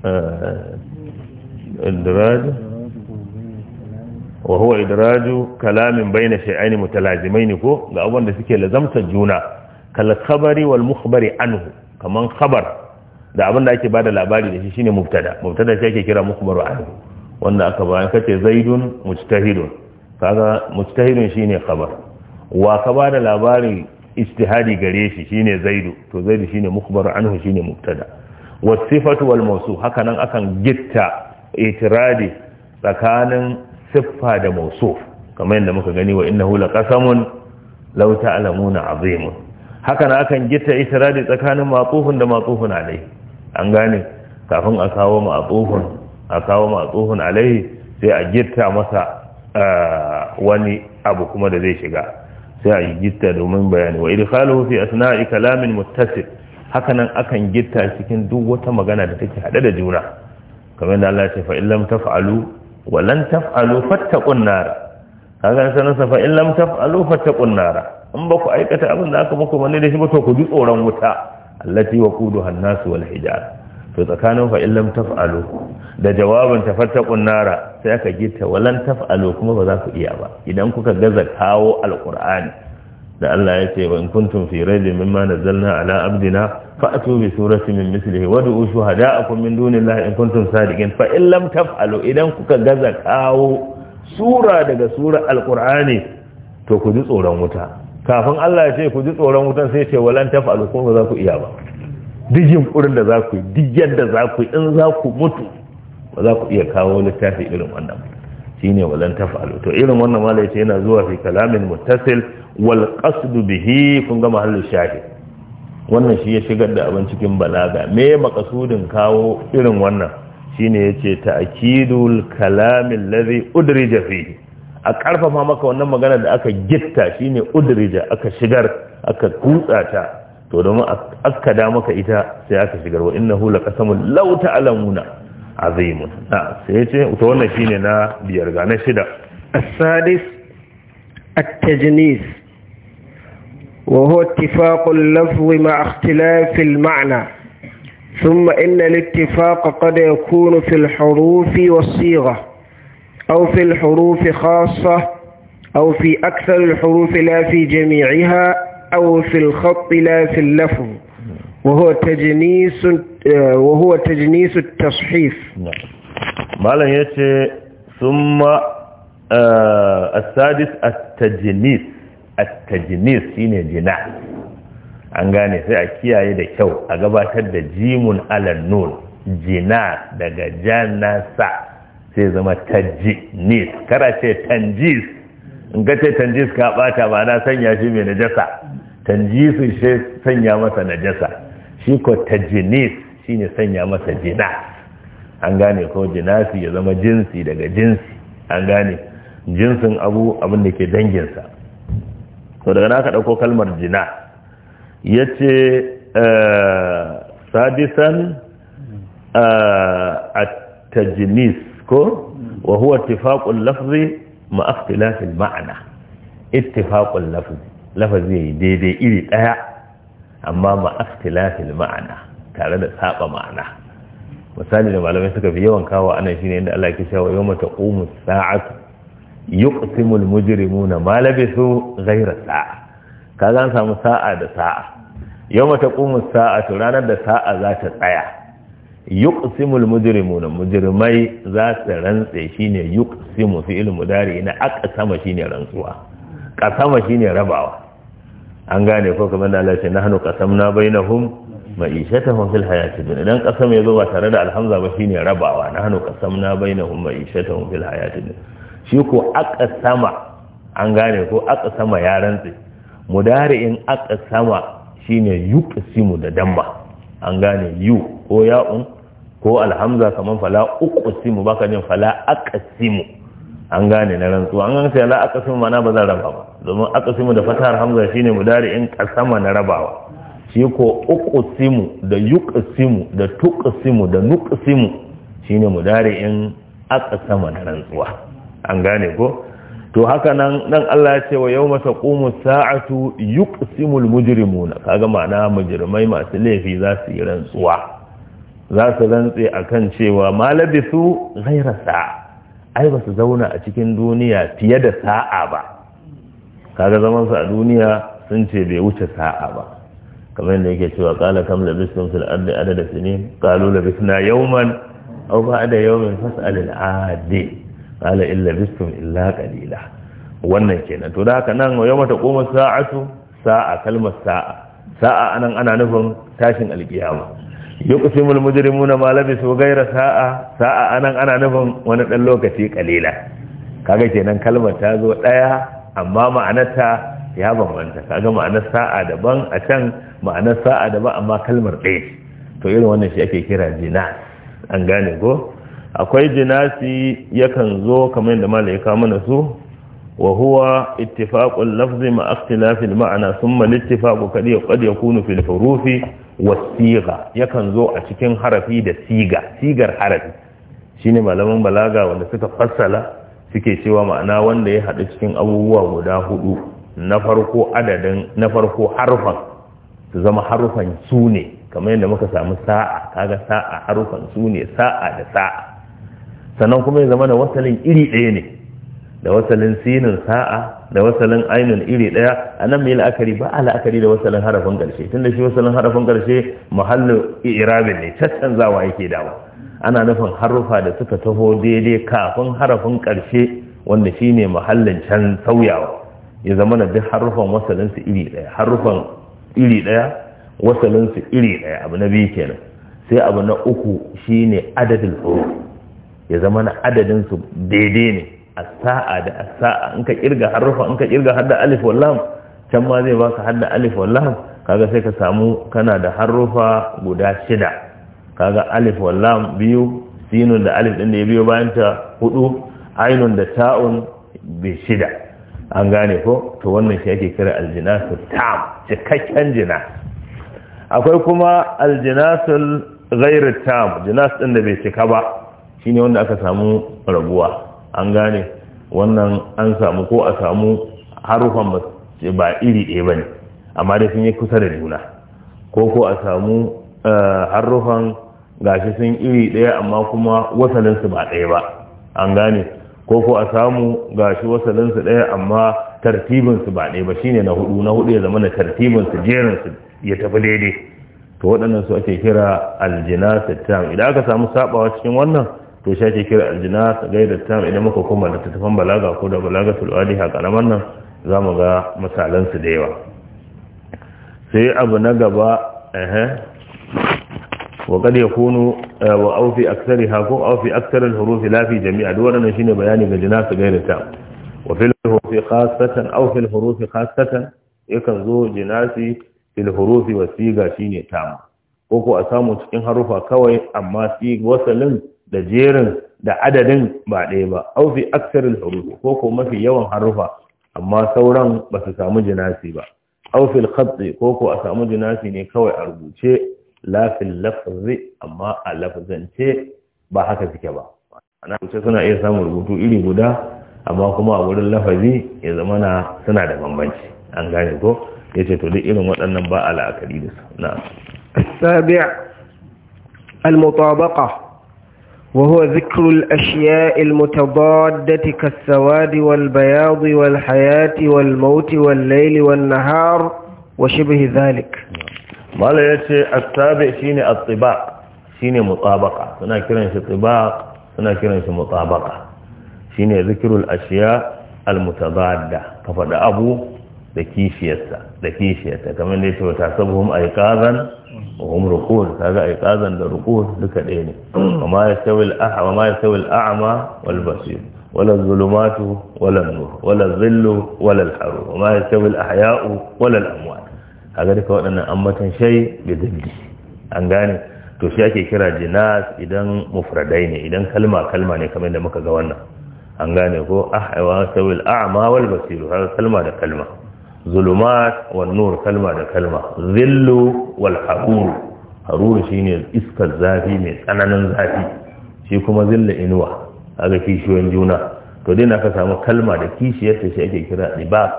eh, idraju wa huwa idraju kalamin bayna ko ga abin suke lazamta juna kal khabari wal mukhbari anhu kaman khabar da abin da ake bada labari da shi shine mubtada mubtada shi ake kira mukbaru an wanda aka ba ce zaidun mujtahidun kaga mujtahidun shine khabar wa ka bada labari istihadi gare shi shine zaidu to zaidu shine mukbaru anhu shine mubtada wasifatu wal mawsu haka akan gitta itiradi tsakanin siffa da mawsuf kamar yadda muka gani wa innahu laqasamun law ta'lamuna azimun haka nan akan gita itiradi tsakanin maqufun da maqufun alai an gane kafin a kawo ma a kawo tsohon alaihi sai a gitta masa wani abu kuma da zai shiga sai a gitta domin bayani wa idkhaluhu fi asna'i kalamin muttasil hakanan akan gitta cikin duk wata magana da take hade da juna kamar da Allah ya ce fa illam taf'alu wa lan taf'alu fattaqun nar kaga sanan sa fa illam taf'alu fattaqun nar in ba ku aikata abin da aka muku manne da shi ba to ku ji tsoron wuta allati waquduha an-nas wal hijara to tsakanin fa illam taf'alu da jawabin tafattaqun nara sai aka gita walan taf'alu kuma ba za ku iya ba idan kuka gaza kawo alqur'ani da Allah ya ce wa in kuntum fi raibin mimma nazzalna ala abdina fa'atu bi surati min mithlihi wad'u shuhada'akum min dunillahi in kuntum sadiqin fa illam taf'alu idan kuka gaza kawo sura daga sura alqur'ani to ku ji tsoron wuta kafin Allah ya ce ku ji tsoron wutan sai ce walan tafalu kun za ku iya ba duk yunkurin da za ku yi digyar da za ku yi in za ku mutu ba za ku iya kawo littafi irin wannan ne walan tafalu to irin wannan mala ce yana zuwa fi kalamin muttasil wal qasd bihi kun ga mahallu shahid wannan shi ya shigar da abin cikin balaga me makasudin kawo irin wannan shine yace ta'kidul kalamin ladhi udrija fihi a karfafa maka wannan magana da aka jitta shine udrija aka shigar aka kutsa ta to domin aka da maka ita sai aka shigar wa innahu laqasamun law ta'lamuna azim na sai ce to wannan shine na biyar ga na shida as-sadis at-tajnis wa huwa ittifaqu al-lafzi ma ikhtilaf al-ma'na ثم إن الاتفاق قد يكون في الحروف sighah أو في الحروف خاصة أو في أكثر الحروف لا في جميعها أو في الخط لا في اللفظ وهو تجنيس آه، وهو تجنيس التصحيف نعم. مالا يتي ثم آه السادس التجنيس التجنيس هنا جناح an gane sai a kiyaye da kyau a gabatar da jimun alan nun jina daga sai zama tajnis kara ce tanjis in ka ce tanjis ka bata ba na sanya shi mai najasa tanjisu shi sanya masa najasa shi ko shi shine sanya masa jina an gane ko jinasi ya zama jinsi daga jinsi an gane jinsin abu abin da ke danginsa ko daga na ka ɗauko kalmar jina ya ce eh, sadisan eh, a tajinis ko wa huwa ittifaqul lafzi ma ikhtilafil ma'na ittifaqul lafzi lafazi daidai iri ɗaya, amma ma ikhtilafil ma'na tare da saba ma'ana misali da malamai suka fi yawan kawo anan shine inda Allah yake cewa yawma taqumu sa'atu yuqsimul mujrimuna ma labisu ghayra sa'a Ka an samu sa'a da sa'a yawma taqumu sa'atu ranar da sa'a za ta tsaya yuqsimul mujrimuna mujrimai za su rantse shine yuqsimu fi'il mudari na aqsama shine rantsuwa qasama shine rabawa an gane ko kamar da Allah ya ce nahnu qasamna bainahum ma'ishatahum fil hayati dunya dan qasam yazo ba tare da alhamza ba shine rabawa nahnu qasamna bainahum ma'ishatahum fil hayati dunya shi ko aqsama an gane ko aqsama ya rantse mudari'in aqsama shine yuqsimu da damma an gane yu ko ya'un ko alhamza kaman fala uqsimu baka jin fala aqsimu an gane na rantsuwa an gane sai la aqsimu mana ba zan raba ba domin aqsimu da fatahar hamza shine in qasama na rabawa shi ko uqsimu da yuqsimu da tuqsimu da nuqsimu shine in aqsama na rantsuwa an gane ko to haka nan dan Allah ya ce wa yawma taqumu sa'atu yuqsimul mujrimuna kaga ma'ana mujrimai masu laifi za su yi rantsuwa za su rantse kan cewa ma labisu ghaira sa'a ai ba su zauna a cikin duniya fiye da sa'a ba kaga zaman su a duniya sun ce bai wuce sa'a ba kamar yadda yake cewa kala kam labistum fil ardi adada sinin qalu labisna yawman aw ba'da yawmin fas'al al adi qala in labistum illa qalila wannan kenan to da haka nan yawma koma sa'atu sa'a kalmar sa'a sa'a anan ana nufin tashin alkiyama yuqsimul mujrimuna ma labisu ghayra sa'a sa'a anan ana nufin wani dan lokaci kalila kaga kenan kalmar ta zo daya amma ma'anarta ya bambanta kaga ma'anar sa'a daban a can ma'anar sa'a daban amma kalmar ɗaya to irin wannan shi ake kira jinas an gane go. akwai jinasi yakan zo kamar yadda malai ka mana su wa huwa ittifaqul lafzi ma ikhtilafil ma'ana thumma al-ittifaqu qad yakunu fil hurufi wasiga yakan zo a cikin harafi da siga sigar harafi shine malaman balaga wanda suka fassala suke cewa ma'ana wanda ya haɗu cikin abubuwa guda hudu na farko adadin na farko harfan su zama harfan su ne kamar yadda muka samu sa'a kaga sa'a harfan su ne sa'a da sa'a sannan kuma ya zama da wasalin iri ɗaya ne da wasalin sinin sa'a da wasalin ainun iri ɗaya a nan mai la'akari ba a la'akari da wasalin harafin tun da shi wasalin harafin ƙarshe muhallin i'rabin ne zawa yake dawa ana nufin harufa da suka taho daidai kafin harafin ƙarshe wanda shi ne muhallin can sauyawa ya zama na duk harufan wasalin su iri daya harufan iri daya wasalin iri daya abu na biyu kenan sai abu na uku shine adadin ya zama na adadin su daidai ne asa'a saa da asa'a in ka kirga harufa in ka kirga hadda alif wal can ma zai baka hadda alif wal lam kaga sai ka samu kana da harufa guda shida kaga alif wal lam biyu sinun da alif din da ya biyo bayan ta hudu ainun da ta'un bi shida an gane ko to wannan shi ake kira aljinasu tam cikakken jina akwai kuma aljinasul ghairu tam jinas din da bai cika ba shine wanda aka samu rabuwa an gane wannan an samu ko a samu harufan ba iri ɗaya ba ne amma dai sun yi kusa da juna ko ko a samu eh, harufan gashi sun iri ɗaya amma kuma wasalinsu ba ɗaya ba an gane ko ko a samu gashi wasalinsu ɗaya amma tartibinsu ba ɗaya ba shine na hudu na hudu ya zama na tartibinsu jerinsu ya tafi daidai to waɗannan su ake kira aljina sittan idan aka samu saɓawa cikin wannan to shi ake kira aljina ga da tam idan muka koma da tattafan balaga ko da balaga tulwadi a karamar nan za mu ga misalansu da yawa sai abu na gaba ehe wa kad yakunu eh, wa au fi aktsari ha ko au fi aktsari al-huruf la fi jami'a duk wannan shine bayani ga jinasu ga da tam wa fil huruf khassatan au fil huruf khassatan yakan zo jinasi fil huruf wa siga shine tam ko ko a samu cikin harufa kawai amma siga wasalin da jerin da adadin ba ɗaya ba au fi aksarin hurufi ko ko mafi yawan harufa amma sauran ba su samu jinasi ba au fil khatsi ko ko a samu jinasi ne kawai a rubuce lafin lafazi, amma a lafzance ba haka suke ba ana suna iya samun rubutu iri guda amma kuma a wurin lafazi ya zama na suna da bambanci an gane ko yace to duk irin waɗannan ba a la'akari da su na al-mutabaqa وهو ذكر الأشياء المتضادة كالسواد والبياض والحياة والموت والليل والنهار وشبه ذلك ما لا يتي التابع شيني الطباق شيني مطابقة هنا كرنش الطباق هنا كرنش مطابقة شيني ذكر الأشياء المتضادة كفد أبو ذكي دكيشيتا كمان ديتو وتعصبهم أيقاظا وهم ركود هذا ايقاظا للركود لكدين وما يستوي الاعمى وما يستوي الاعمى والبصير ولا الظلمات ولا النور ولا الظل ولا الحرور وما يستوي الاحياء ولا الاموات هذا duka waɗannan an matan shay bi an gane to shi ake kira jinas idan mufradai ne idan kalma kalma ne kamar da muka ga wannan an gane ko ahwa sawil a'ma wal basir kalma da kalma zulumat wan kalma da kalma zillu wal Haruru haruru shine iskar zafi mai tsananin zafi shi kuma zilla inuwa aga kishiyoyin juna to dai na ka samu kalma da kishiyar ta shi ake kira dibaq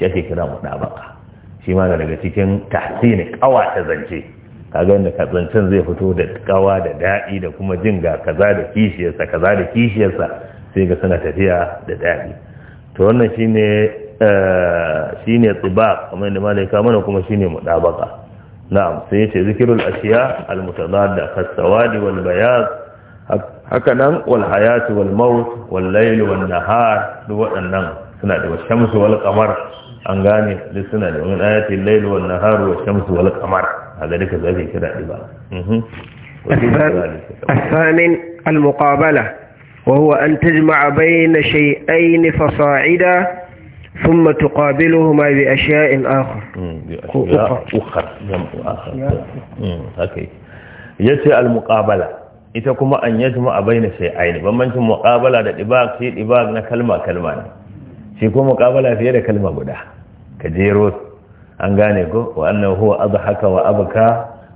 shi ake kira mudabaka shi ma daga cikin tahsini kawa ta zance kaga inda zancen zai fito da kawa da daɗi da kuma jin ga kaza da kishiyarsa kaza da kishiyarsa sai ga sana tafiya da daɗi to wannan shine shine tsiba kamar da malaika mana kuma shine mudabaka na'am sai yace zikirul ashiya al mutadadda kas sawadi wal bayad haka nan wal hayat wal maut wal layl wal nahar duk waɗannan suna da shamsu wal qamar an gane duk suna da wani ayatul layl wal nahar wa shamsu wal qamar haka duka zai kira diba الثامن المقابلة وهو أن تجمع بين شيئين فصاعدا ثم تقابلهما بأشياء آخر بأشياء أخر جمع آخر أوكي يتي المقابلة ita kuma an yi jima a bayyana sai aini bambancin muqabala da ɗibag shi ɗibag na kalma kalma ne shi kuma muƙabala fiye da kalma guda ka jero an gane ko wa annan huwa abu haka wa abuka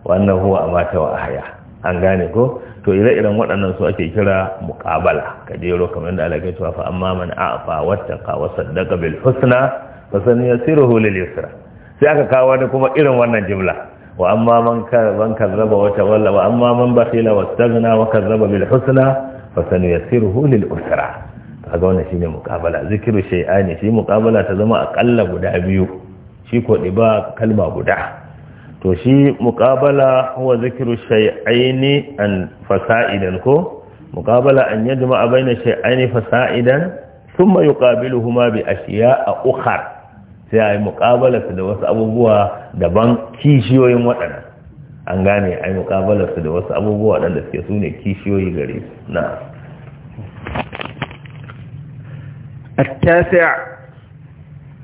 wa annan huwa amata wa ahaya an gane ko to ire-iren waɗannan su ake kira muƙabala ka jero kamar da alaƙa cewa fa amma man a'fa wattaqa wa saddaqa bil husna fa san yasiruhu lil yusra sai aka kawo wani kuma irin wannan jimla wa amma man man kazzaba wa tawalla wa amma man bakhila wastaghna wa kazzaba bil husna fa san yasiruhu lil usra ga wannan shine muƙabala zikiru shay'ani shi muƙabala ta zama aƙalla guda biyu shi ko ɗiba kalma guda to shi muqabala huwa zikru shay'aini an fasa'idan ko muqabala an yajma'a baina shay'aini fasa'idan thumma yuqabiluhuma bi ashiya'a ukhra sai ai muqabala da wasu abubuwa daban kishiyoyin wadana, an gane ai muqabala da wasu abubuwa waɗanda suke sune kishiyoyi gare su na التاسع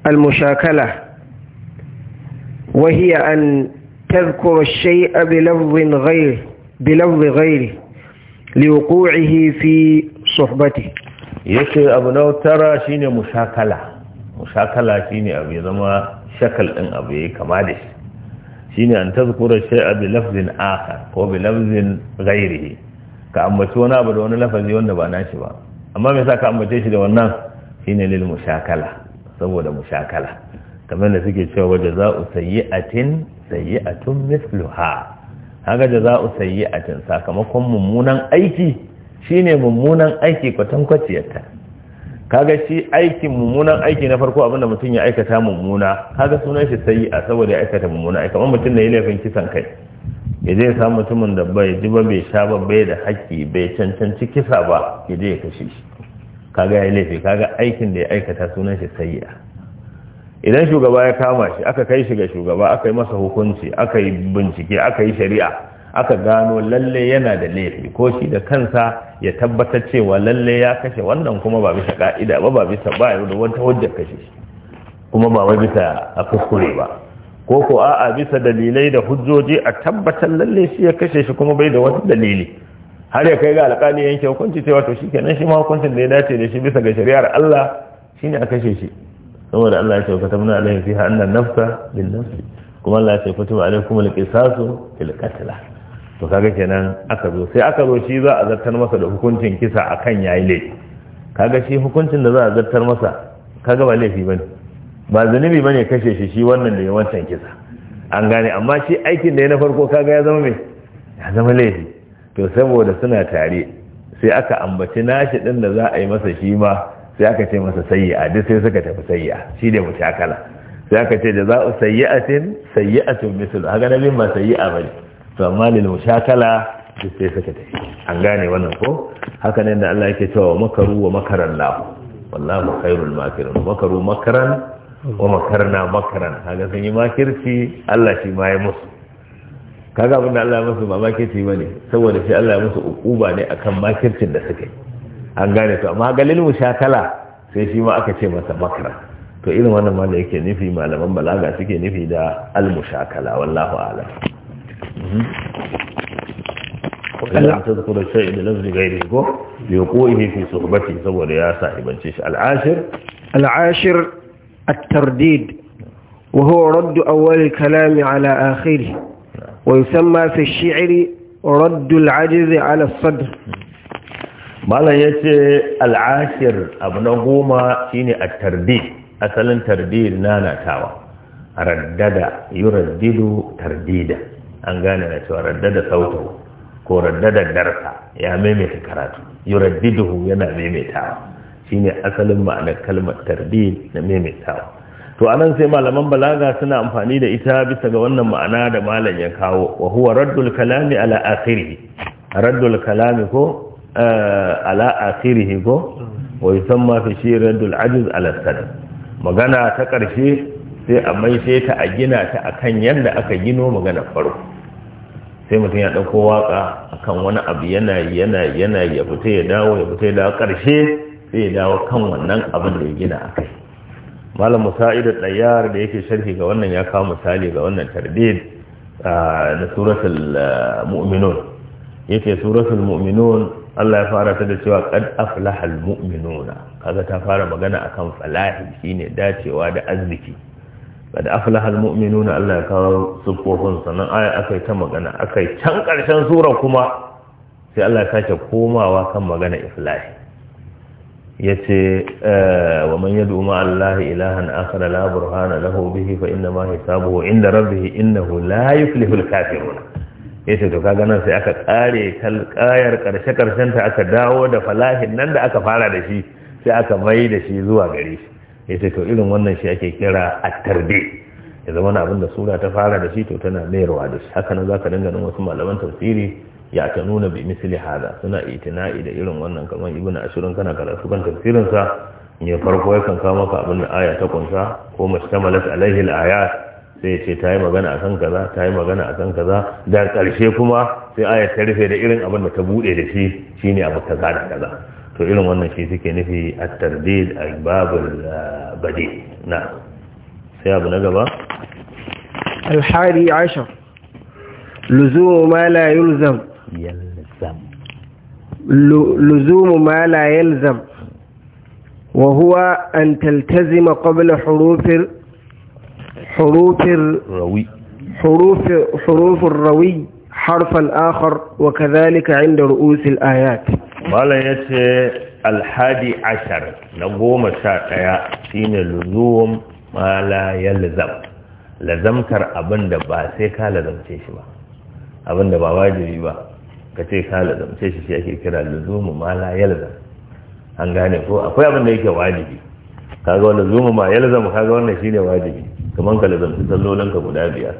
المشاكلة وهي أن تذكر الشيء بلفظ غير بلفظ غيره لوقوعه في صحبته يسي abu نو tara shine mushakala mushakala shine ابي زما zama shakal ابي abu yayi kama da shi shine an tazkura shay'a bi lafzin ko wani abu da wani lafazi wanda ba nashi ba amma me yasa ka shi da wannan shine lil mushakala saboda mushakala kamar da suke cewa a sayi jaza'u sayyi'atin sayyi'atun misluha haka da sayi tin sakamakon mummunan aiki shine mummunan aiki kwatankwaciyarta kaga shi aikin mummunan aiki na farko abinda mutum ya aikata mummuna kaga sunan shi a saboda ya aikata mummuna aiki kamar mutum ne ya laifin kisan kai ya je samu mutumin da bai ji ba bai sha ba bai da haƙƙi bai cancanci kisa ba ya je ya kashe shi kaga ya laifi kaga aikin da ya aikata sunan shi a. idan shugaba ya kama shi aka kai shi ga shugaba aka yi masa hukunci aka yi bincike aka yi shari'a aka gano lalle yana da laifi ko shi da kansa ya tabbatar cewa lalle ya kashe wannan kuma ba bisa ka'ida ba ba bisa ba da wata hujjar kashe shi kuma ba wai bisa a kuskure ba ko ko a'a bisa dalilai da hujjoji a tabbatar lalle shi ya kashe shi kuma bai da wata dalili har ya kai ga alƙali yanke hukunci cewa to shikenan shi ma hukuncin da ya dace da shi bisa ga shari'ar Allah shine a kashe shi saboda Allah ya ce ka tamna alaihi fiha annan nafsa bil nafsi kuma Allah ya ce kutiba alaikum alqisasu fil qatl to kaga kenan aka zo sai aka zo shi za a zartar masa da hukuncin kisa akan yayi laifi kaga shi hukuncin da za a zartar masa kaga ba laifi bane ba zanubi bane kashe shi shi wannan da ya wancan kisa an gane amma shi aikin da ya na farko kaga ya zama me ya zama laifi to saboda suna tare sai aka ambaci nashi din da za a yi masa shi ma sai aka ce masa sayi'a duk sai suka tafi sayi'a shi ne mushakala sai aka ce jaza'u a tun mislu haka na bin ba a bane to amma lil mushakala duk sai suka tafi an gane wannan ko haka ne da Allah yake cewa makaru wa makaran lahu wallahu khairul makirin makaru makaran wa makarna makaran haka sun yi makirci Allah shi ma ya musu kaga abin da Allah ya musu ba makirci bane saboda shi Allah ya musu ukuba ne akan makircin da suka yi an gane to amma galil mushakala sai shi ma aka ce masa makra to irin wannan ma da yake nufi malaman balaga suke nufi da al mushakala wallahu a'lam ولم تذكر الشيء بلفظ غيره لوقوعه في صحبته صور يا صاحب الشيش العاشر العاشر الترديد وهو رد أول الكلام على آخره ويسمى في الشعر رد العجز على الصدر malam ya ce al'ashir abu na goma shine a tardi asalin tardi nanatawa raddada yi raddidu tardida an gane na cewa raddada sautu ko raddada darsa ya maimaita karatu yi raddido yana maimaitawa shine asalin ma'anar kalmar tardi na maimaitawa to anan sai malaman balaga suna amfani da ita bisa ga wannan ma'ana da malam ya kawo wa huwa raddul kalami ala akhirih raddul kalami ko ala akhirihi go wa yusamma fi shiradul ajiz ala sad magana ta karshe sai a maishe ta a gina ta akan yadda aka gino magana farko sai mutum ya ɗauko waƙa, akan wani abu yana yana yana ya fita ya dawo ya fita ya dawo karshe sai ya dawo kan wannan abin da ya gina akai malam musa'id ɗayar da yake sharhi ga wannan ya kawo misali ga wannan tarbiyyar na suratul mu'minun yake suratul mu'minun Allah ya fara ta da cewa kad aflahal mu'minuna kaga ta fara magana akan falahi shine dacewa da arziki kad aflahal mu'minuna Allah ya kawo sufofin sannan aya akai ta magana akai can karshen sura kuma sai Allah ya sake komawa kan magana iflahi yace eh, wa man yad'u ma Allah ilahan akhar la burhana lahu bihi fa inna ma hisabuhu inda rabbih innahu la yuflihul kafirun ya ce to kaga nan sai aka kare kalkayar karshe karshen ta aka dawo da falahin nan da aka fara da shi sai aka mai da shi zuwa gare shi ya to irin wannan shi ake kira at-tarbi ya zama na abin da sura ta fara da shi to tana mayarwa da shi haka nan zaka dinga wasu malaman tafsiri ya ta nuna bi misli hada suna itina'i da irin wannan kamar ibnu ashirin kana karatu kan tafsirin sa ne farko yakan kawo maka abin da aya ta kunsa ko mustamalat alaihi al-ayat sai ce ta yi magana a kan kaza ta yi magana a kan kaza da ƙarshe kuma sai ayat ta rufe da irin abin da ta buɗe da shi shine abu kaza da kaza to irin wannan shi suke nufi a tardid a babul bade na sai abu na gaba alhari ashar luzumu ma la yulzam yalzam luzumu ma la yalzam huwa an taltazima qabla حروف hurufin rawi harfal akhar wa kazalika inda ru'usil ayat malam yace alhadi ashar na goma sha ɗaya shine luzum ma la yalzam lazamtar abinda ba sai ka lazamce shi ba abinda ba wajibi ba ka ce ka lazamce shi shi ake kira luzumu ma la yalzam an gane akwai yake wajibi kaga wanda zuma ma ya lazama kaga wannan shine wajibi kaman ka lazamci sallolin ka guda biyar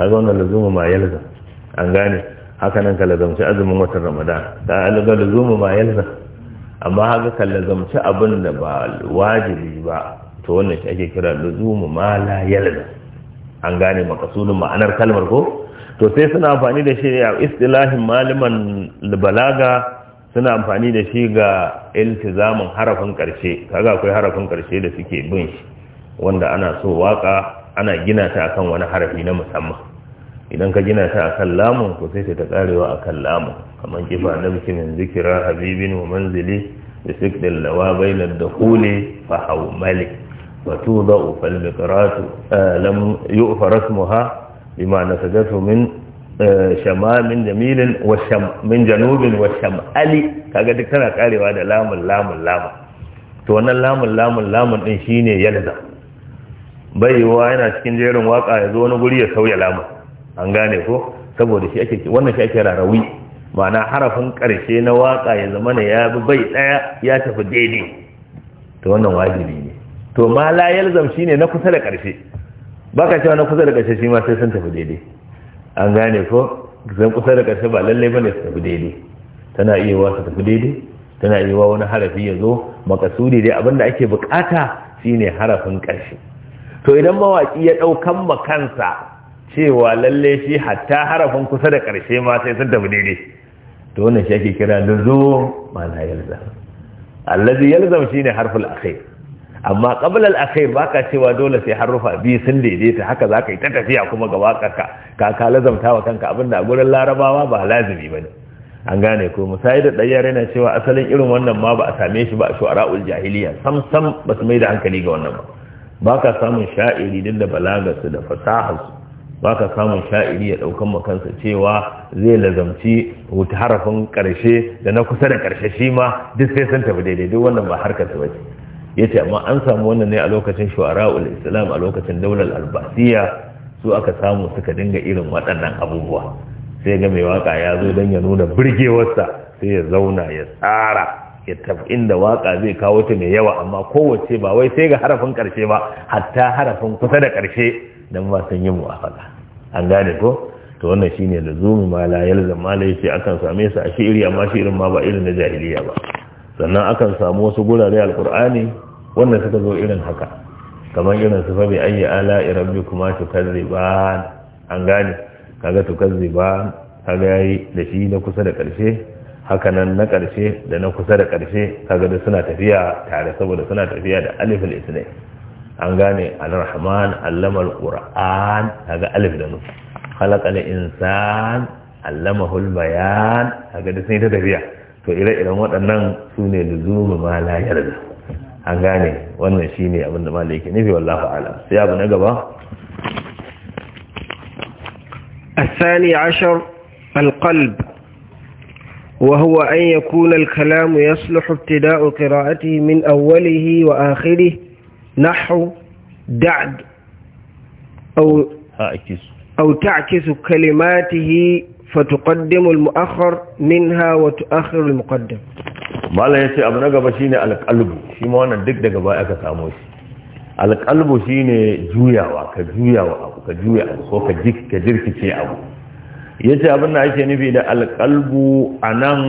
kaga wannan lazuma ma ya lazama an gane haka nan ka lazamci azumin watan ramadan ka ga lazuma ma ya lazama amma haka ka lazamci abin da ba wajibi ba to wannan shi ake kira lazuma ma la ya lazama an gane makasudin ma'anar kalmar ko to sai suna amfani da shi a istilahin malaman balaga suna amfani da shi ga iltizamin harafin karshe kaga akwai harafin karshe da suke bin shi wanda ana so waka ana gina ta akan wani harafi na musamman idan ka gina ta akan lamun ko sai ta karewa akan lamun kamar kifa na bikin zikira habibin wa manzili da sikdin lawa bainar da fa hau malik ufal eh, lam ufa rasmuha bima na sagatu min shama min jamilin wa sham min janubin wa sham ali kaga duk tana karewa da lamun lamun lamun to wannan lamun lamun lamun din shine yalza baiwa yana cikin jerin waka ya zo wani guri ya sauya lamun an gane ko saboda shi ake wannan shi ake rarawi ma'ana harafin karshe na waka ya zama ne ya bi bai daya ya tafi daidai to wannan wajibi ne to ma la yalzam shine na kusa da karshe baka cewa na kusa da karshe shi ma sai sun tafi daidai an gane ko zan kusa da karshe ba lallai bane su tafi daidai tana iya wa su tafi daidai tana iya wa wani harafi ya zo makasudi dai abinda ake bukata shine harafin ƙarshe to idan mawaki ya ɗaukan kansa cewa lalle shi hatta harafin kusa da ƙarshe ma sai sun tafi daidai to wannan shi ake kira da zo ma na yalzam allazi yalzam shine harful akhir amma qablal akhir baka cewa dole sai harufa biyu sun daidaita haka zaka yi ta tafiya kuma ga kakka ka ka lazamtawa kanka da a gurin larabawa ba lazimi ne. an gane ko musayi da dayyare yana cewa asalin irin wannan ma ba a same shi ba a shu'ara'ul jahiliya sam sam ba su mai da hankali ga wannan ba ka samun sha'iri din da balagarsu da fasaharsu ka samun sha'iri ya daukan makansa cewa zai lazamci wuta harafin karshe da na kusa da karshe shi ma duk sai sun tafi daidai duk wannan ba harkar ba bace ya ce amma an samu wannan ne a lokacin shuwara'ul islam a lokacin daular albasiya su aka samu suka dinga irin waɗannan abubuwa sai ga mai waka ya zo don ya nuna birgewarsa sai ya zauna ya tsara ya tafi inda waka zai kawo ta mai yawa amma kowace ba wai sai ga harafin karshe ba hatta harafin kusa da karshe don ba sun yi mu'afaka an gane ko to wannan shine zumi ma la yalzama la yace akan same su a iri amma shi irin ma ba irin na jahiliya ba sannan akan samu wasu gurare alkur'ani wanda suka zo irin haka kamar irin su fa bi ala irabbi kuma tukazziban an gane kaga tukazziban kaga yayi da shi na kusa da karshe haka nan na karshe da na kusa da karshe kaga da suna tafiya tare saboda suna tafiya da alif al-isnai an gane al-rahman allama al-qur'an kaga alif da nun khalaqa al-insan allamahu al-bayan kaga da ta tafiya to ire-iren waɗannan su ne da zuma ma la yarda an gane wannan shi ne abinda malai yake nufi wallafa ala sai abu na gaba الثاني عشر القلب وهو أن يكون الكلام يصلح ابتداء قراءته من أوله وآخره نحو دعد أو, أو تعكس كلماته فتقدم المؤخر منها وتؤخر المقدم mala ya ce abu na gaba shine alƙalbu shi ma wannan duk daga baya ka samo shi alƙalbu shine juyawa ka juyawa abu ka juya ko ka ka jirkice abu ya ce abin da ake nufi da alƙalbu a nan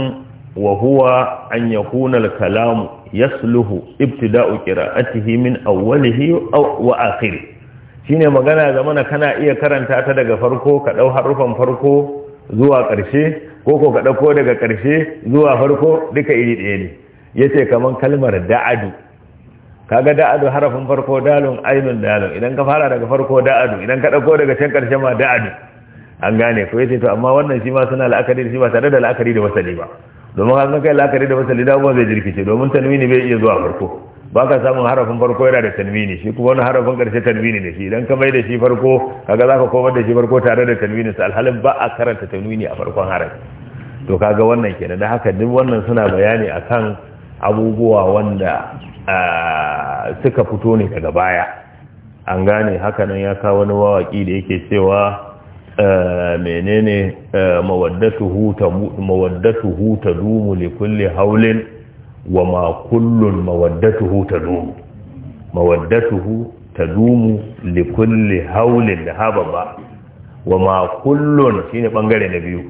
wa huwa an ya kuna kalamu yasluhu ibtida'u qira'atihi min awwalihi wa akhirih shine magana zamana kana iya karanta ta daga farko ka dau harufan farko zuwa ƙarshe ko ko ka ɗauko daga ƙarshe zuwa farko duka iri ɗaya ne ya ce kamar kalmar da'adu kaga da'adu harafin farko dalun ainun dalun idan ka fara daga farko da'adu idan ka ɗauko daga can ƙarshe ma da'adu an gane ko ya ce to amma wannan shi ma suna la'akari da shi ba tare da la'akari da wasali ba domin an kai la'akari da wasali da abubuwa zai jirkice domin tanwini bai iya zuwa farko ba ka samun harafin farko yana da tanwini shi kuma wani harafin karshe tanwini ne shi idan ka mai da shi farko kaga za ka komar da shi farko tare da tanwini su alhalin ba a karanta tanwini a farkon harafi to kaga wannan kenan da haka duk wannan suna bayani akan abubuwa wanda suka fito ne daga baya an gane haka nan ya kawo wani wawaki da yake cewa menene mawaddatu hutu mawaddatu ta dumu li haulin wa ma kullun mawaddatuhu tadumu mawaddatuhu tadumu li kulli haulin da haba ba wa ma kullun shine bangare na biyu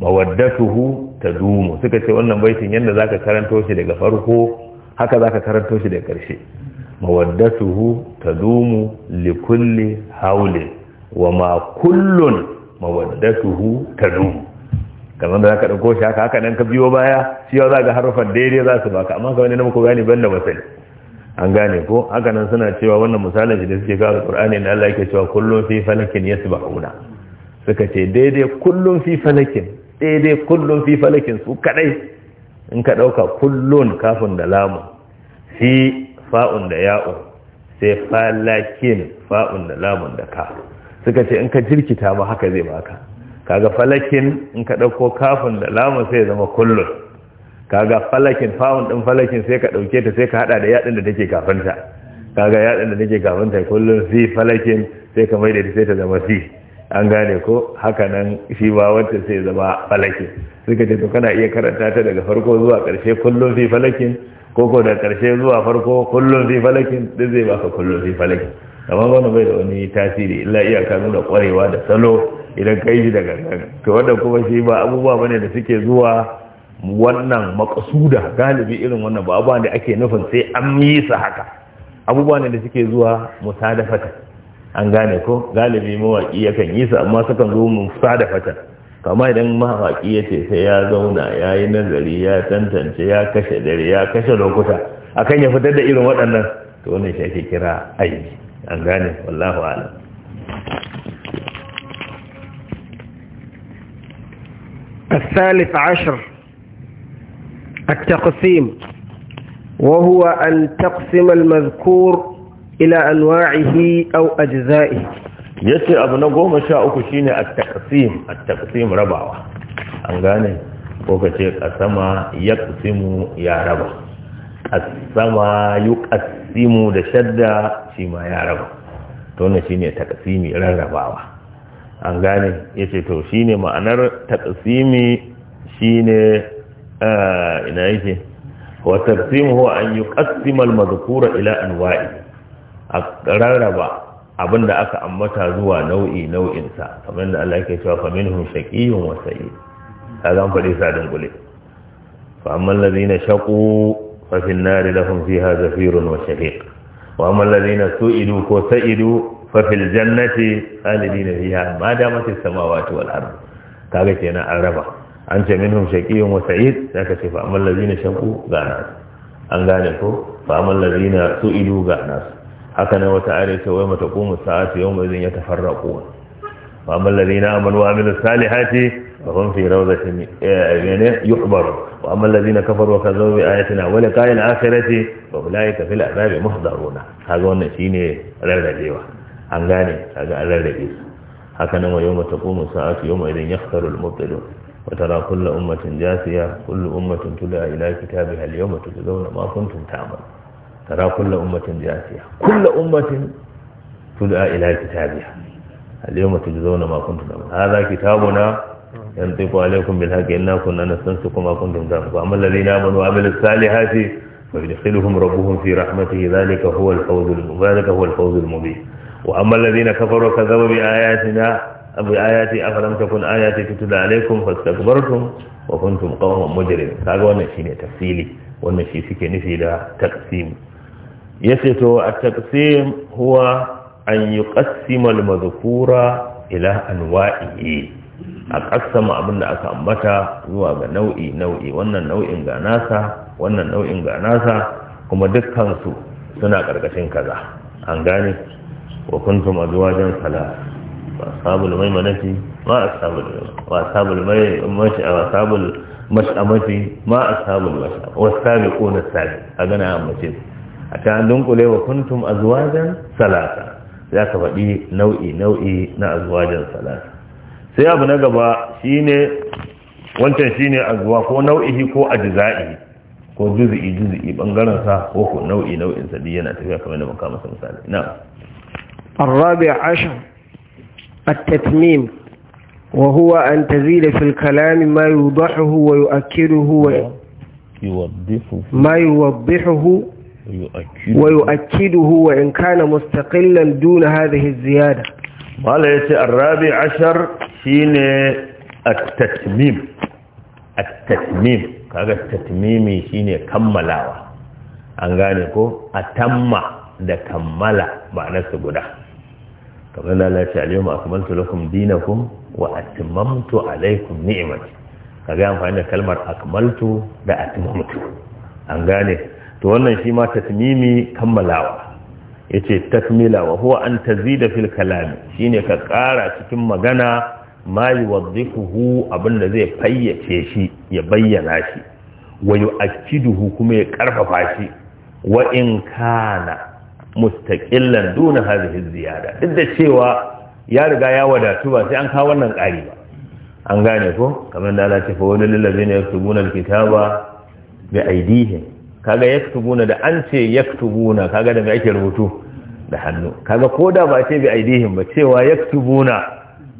mawaddatuhu tadumu suka ce wannan baitin yanda zaka karanto shi daga farko haka zaka karanto shi daga karshe mawaddatuhu tadumu li kulli haulin wa ma kullun mawaddatuhu tadumu kamar da ka ɗauko shi haka haka nan ka biyo baya shi yau ka harfan daidai za su baka amma kamar ne muku gane da masani an gane ko haka nan suna cewa wannan misalin shi da suke kawo Alƙur'ani na Allah yake cewa kullum fi falakin ya su ba'una suka ce daidai kullum fi falakin daidai kullum fi falakin su kadai in ka ɗauka kullum kafin da lamu fi fa'un da ya'u sai falakin fa'un da lamun da ka suka ce in ka jirkita ma haka zai baka kaga falakin in ka ɗauko kafin da lamun sai zama kullum kaga falakin fawun ɗin falakin sai ka ɗauke ta sai ka haɗa da yaɗin da take kafinta kaga yaɗin da take kafinta kullum fi falakin sai ka mai da sai ta zama fi an gane ko haka nan shi ba wata sai zama falakin suka ce to kana iya karanta ta daga farko zuwa ƙarshe kullum fi falakin ko ko da ƙarshe zuwa farko kullum fi falakin duk zai baka kullum fi falakin amma wani bai da wani tasiri illa iyaka nuna ƙwarewa da salo idan ka yi shi da gangan to wanda kuma shi ba abubuwa bane da suke zuwa wannan makasuda galibi irin wannan ba abubuwa da ake nufin sai an yi su haka abubuwa ne da suke zuwa musadafatan an gane ko galibi mawaki yakan yi su amma sukan zo mu musadafatan kama idan mawaki ya ce sai ya zauna ya yi nazari ya tantance ya kashe dare ya kashe lokuta akan ya fitar da irin waɗannan to wannan shi ake kira aiki an gane wallahu alam الثالث عشر التقسيم وهو أن تقسم المذكور إلى أنواعه أو أجزائه يسي أبنى قوم شاء أكشين التقسيم التقسيم ربعه أنغاني وكشيك أسما يقسم يا رب أسما يقسم دشد شما يا رب تونشين التقسيم ربعه an gane ya ce to shi ne ma'anar taƙasimi shi ne ina yake wa taƙasimi huwa an yi al mazakura ila wa'i a rarraba da aka ambata zuwa nau'i nau'in sa kamar da Allah yake cewa fa minhum shaqiyyun wa sa'id zan faɗi sa sadin gule fa amma alladhina shaqu fa fi an-nar lahum fiha zafirun wa shahiq wa amma su su'idu ko sa'idu fafil fil jannati khalidina fiha ma damat as-samawati wal ard kaga kenan an raba an ce minhum shaqiyyun wa sa'id zaka ce fa amal ladina shaqu ga nas an gane ko fa amal ladina su'idu ga nas haka nan wata ayar ce wai mata qumu sa'atu yawma idhin yatafarraqun fa amal ladina amanu wa amilus salihati فهم في روضة يعني وأما الذين كفروا وكذبوا بآياتنا ولقاء الآخرة فأولئك في الأعذاب محضرون هذا هو النسيني رجعيوه an gane ta ga an rarrabe su haka nan wa yawma taqumu sa'atu yawma idan yakhsaru al-mubtilun wa tara kullu ummatin jasiya kullu ummatin tud'a ila kitabiha al-yawma tujzauna ma kuntum ta'mal tara kullu ummatin jasiya kullu ummatin tud'a ila kitabiha al-yawma tujzauna ma kuntum ta'mal hadha kitabuna yantiqu alaykum ينطق عليكم بالحق إنا كنا نستنسق ما كنتم تعملون وأما الذين آمنوا وعملوا الصالحات فيدخلهم ربهم في رحمته ذلك هو الفوز ذلك هو الفوز mubin wa amma allazina kafaru kazzabu bi ayatina abu ayati afalam takun ayati tutla alaikum fastakbartum wa kuntum qawman mujrim kaga wannan shine tafsili wannan shi suke nufi da taqsim yace to at-taqsim huwa an yuqassima al-madhkura ila anwa'ihi a kassama abin da aka ambata zuwa ga nau'i nau'i wannan nau'in ga nasa wannan nau'in ga nasa kuma dukkan su suna karkashin kaza an gane وكنتم أزواجا ثلاث وأصحاب الميمنة ما أصحاب الميمنة وأصحاب المشأة وأصحاب المشأمة ما أصحاب المشأمة والسابقون السابق نعم مجيب مشيب عشان لي وكنتم أزواجا ثلاثة ذاك فدي نوئي نوئي نا أزواجا ثلاثة سياب نقبا شيني وانت شيني أزواج كو nau'ihi كو أجزائي ko juz'i juz'i bangaren sa ko ko nau'i nau'in sa biyana tafiya kamar da makamasa misali na'am الرابع عشر التتميم وهو أن تزيد في الكلام ما يوضحه ويؤكده ما يوضحه ويؤكده وإن كان مستقلا دون هذه الزيادة قال يتي الرابع عشر شين التتميم التتميم كذا التتميم شين كملاوة أنغانيكو أتم da kammala ba ma'anarsa guda kamar lalace al-yawma akmaltu lakum dinakum wa alaikum alaykum Ka ga amfani da kalmar akmaltu da atimamtu. an gane to wannan shi ma tatmimi kammalawa yace ce wa huwa an da fil shine ka ƙara cikin magana ma yuwaddifuhu abinda zai fayyace shi ya bayyana shi wa yu'akkiduhu kuma ya karfafa shi wa in kana mustaqillan duna hadhihi ziyada duk da cewa ya riga ya wadatu ba sai an kawo wannan ƙari ba an gane ko kamar da Allah ce fa wani lillazina yaktubuna alkitaba bi aydihim kaga yaktubuna da an ce yaktubuna kaga da me ake rubutu da hannu kaga da ba ce bi ba cewa yaktubuna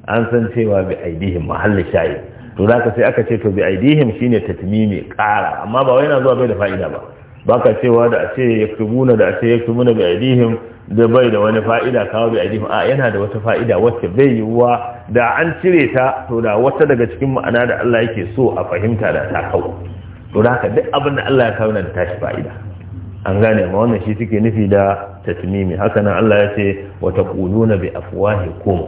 an san cewa bi aydihim mahallin shayi to zaka sai aka ce to bi aydihim shine tatmimi ƙara amma ba wai yana zuwa bai da fa'ida ba baka cewa da a ce kubuna da a ce kubuna bi aidihim da bai da wani fa'ida kawo bi aidihim a yana da wata fa'ida wacce bai yiwuwa da an cire ta to da wata daga cikin ma'ana da Allah yake so a fahimta da ta kawo to da haka duk abin da Allah ya kawo na da tashi fa'ida an gane ma wannan shi suke nufi da tatmimi haka nan Allah ya ce wa taquluna bi afwahikum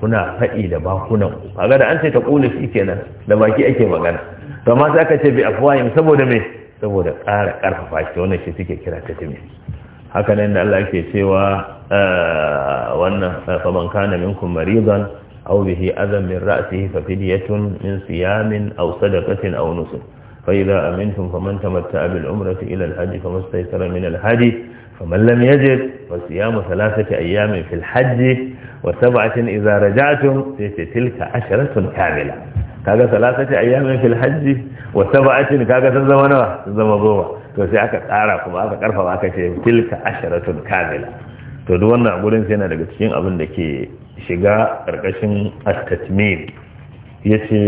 kuna faɗi da bakunan ku kaga da an ce taqulu shi kenan da baki ake magana to amma sai aka ce bi afwahim saboda me saboda ƙara ƙarfafa shi wannan shi suke kira tatimi haka nan da Allah ke cewa ah, wannan ah, faman kana minkum maridan aw bihi adan min ra'sihi fa fidyatun min siyamin aw sadaqatin aw nusuk fa idza amintum faman tamatta'a bil umrati ila al hajj famastaysara min al hajj faman lam yajid fa siyamu thalathati ayyamin fil hajj wa sab'atin idza raja'tum sai ce tilka asharatun kamila kaga thalathati ayyamin fil hajj wa sab'atin kaga sun zama nawa sun zama goma sai aka tsara kuma aka karfafa aka ce tilka asharatun kamila to wannan gurin sai yana daga cikin abin da ke shiga karkashin yace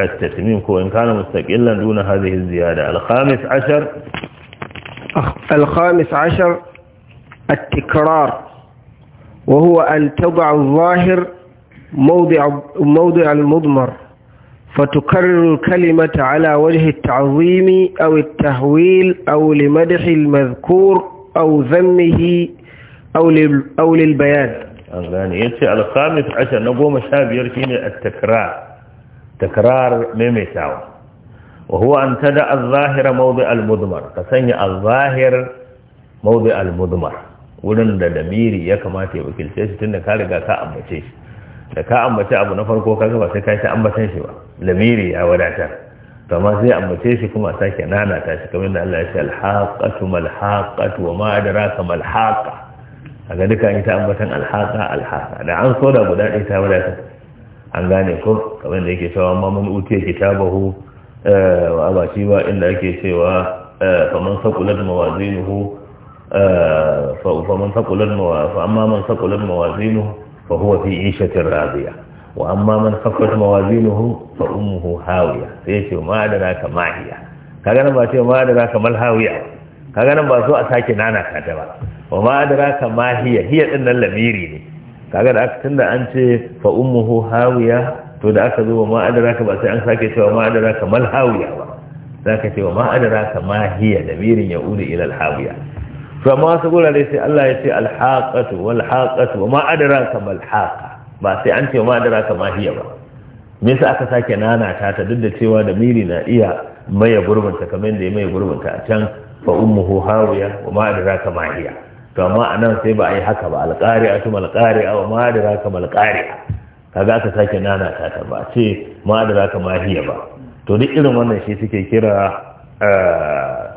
التتميم كو إن كان مستقلا دون هذه الزيادة الخامس عشر الخامس عشر التكرار وهو أن تضع الظاهر موضع, موضع المضمر فتكرر الكلمة على وجه التعظيم أو التهويل أو لمدح المذكور أو ذمه أو, أو للبيان يعني على الخامس عشر نقوم الشاب فينا التكرار تكرار ميميتاو وهو أن تدع الظاهر موضع المضمر فسنع الظاهر موضع المضمر wurin da damiri ya kamata ya wakilce shi tunda ka riga ka ambace shi da ka ambace abu na farko ka gaba sai ka ta ambatan shi ba damiri ya wadatar to amma sai ambace shi kuma sake nanata shi kamar da Allah ya ce alhaqatu malhaqatu wa ma adraka malhaqa kaga duka an ta ambatan alhaqa alhaqa da an so da guda ɗaya ta wadatar an gane ko kamar da yake cewa amma mun utiya kitabahu eh, wa abaci ba inda yake cewa eh, faman saqulat mawazinuhu فمن ثقل فأما من ثقل موازينه فهو في عيشة راضية وأما من خفت موازينه فأمه هاوية سيشي ما أدراك ما هي كأنا ما شيء ما أدراك ما الهاوية كأنا ما سوء ساكن أنا كاتبا وما أدراك ما هي هي إن اللميري kaga da aka tunda an ce fa ummuhu hawiya to da aka zo ma adraka ba sai an sake cewa ma adraka mal hawiya ba zaka ce ma adraka ma hiya da mirin ya uri ila al hawiya to wasu gurare sai Allah ya ce alhaqatu walhaqatu wa ma adraka mal haqa ba sai an ce ma adraka ma hiya ba me yasa aka sake nana ta duk da cewa da miri na iya maye gurbinta kamar da ya maye a can fa ummuhu hawiya wa ma adraka ma hiya to amma anan sai ba a yi haka ba alqari'atu malqari'a wa ma adraka malqari'a kaga aka sake ta ba ce ma adraka ma hiya ba to duk irin wannan shi suke kira eh,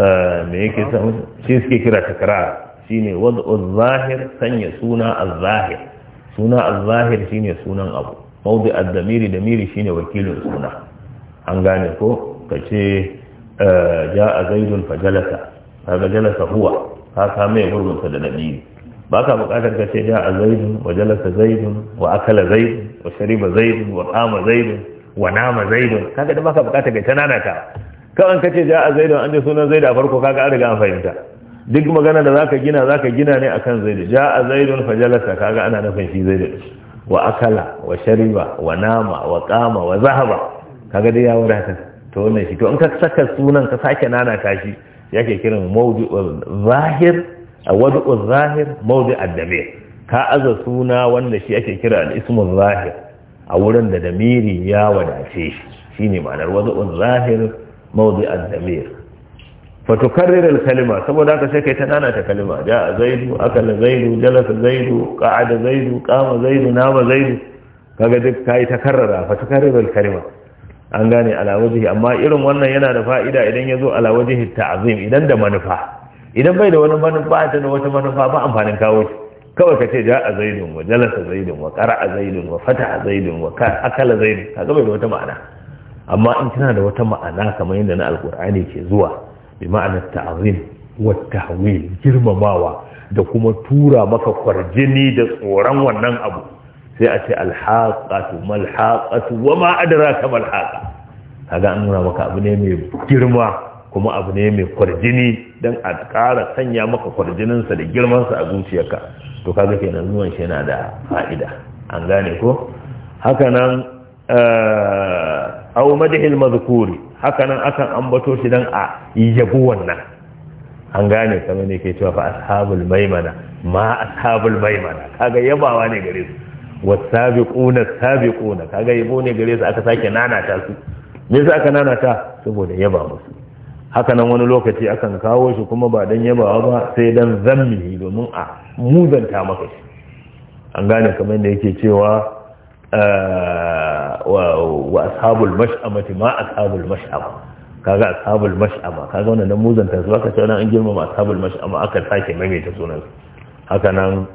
Eh, me yake samu shi suke kira ne shine wad'u zahir sanya suna al zahir suna al zahir shi ne sunan abu Maudu al damiri damiri ne wakilin suna an gane ko ka ce eh, ja a zaidun fajalasa kaga jalasa huwa ha same gurbin sa da damiri ka bukatar ka ce ja a zaidun wa jalasa zaidun wa akala zaidun wa shariba zaidun wa kama zaidun wa nama zaidun kaga da baka bukatar ka da ta kawai ka ce ja'a zaidu an ji sunan zaidu a farko kaga an riga an fahimta duk magana da zaka gina zaka gina ne akan zaidu ja'a fa fajalasa kaga ana nufin shi zaidu wa akala wa shariba wa nama wa qama wa zahaba kaga dai ya wadata to wannan shi to in ka saka sunan ka sake nana tashi yake kiran mawdu'ul zahir a wadu'ul zahir mawdu'ul damir ka aza suna wanda shi ake kira al zahir a wurin da damiri ya wadace shi shine ma'anar wadu'ul zahir موضع الضمير فتكرر ta سبو ذاك سيكي تنانا تكلمة جاء زيد أكل زيد جلس زيد قعد زيد قام زيد نام زيد فقد كاي تكرر فتكرر kalima an gane alawajihi amma irin wannan yana da fa'ida idan ya zo alawajihi ta'azim idan da manufa idan bai da wani manufa ta da wata manufa ba amfanin kawo shi kawai ka ce ja a zaidun wa jalasa zaidun wa ƙara a zaidun wa fata a zaidun wa akala zaidun ka bai da wata ma'ana amma in tana da wata ma'ana kamar yadda na alkur'ani ke zuwa bi ma'anar ta'azim wa tahwil girmamawa da kuma tura maka kwarjini da tsoron wannan abu sai a ce alhaqatu malhaqatu wa ma adraka malhaqa kaga an nuna maka abu ne mai girma kuma abu ne mai kwarjini don a ƙara sanya maka kwarjininsa da girmansa a zuciyarka to kaga kenan zuwan shi yana da fa'ida an gane ko haka nan eh, aw madahil mazkuri Hakanan nan akan ambato shi dan a yabo wannan an gane kamar ne ke cewa fa ashabul maimana ma ashabul maimana kaga yabawa ne gare su wasabiquna sabiquna kaga yabo ne gare su aka sake nanata su me yasa aka nanata saboda yaba musu haka nan wani lokaci akan kawo shi kuma ba dan yabawa ba sai dan zammi domin a muzanta maka shi an gane kamar da yake cewa wa ashabul mash'amati ma ashabul mash'ama kaga ashabul mash'ama kaga wannan muzanta su aka ce an girmama ashabul mash'ama aka sake ta sunan haka nan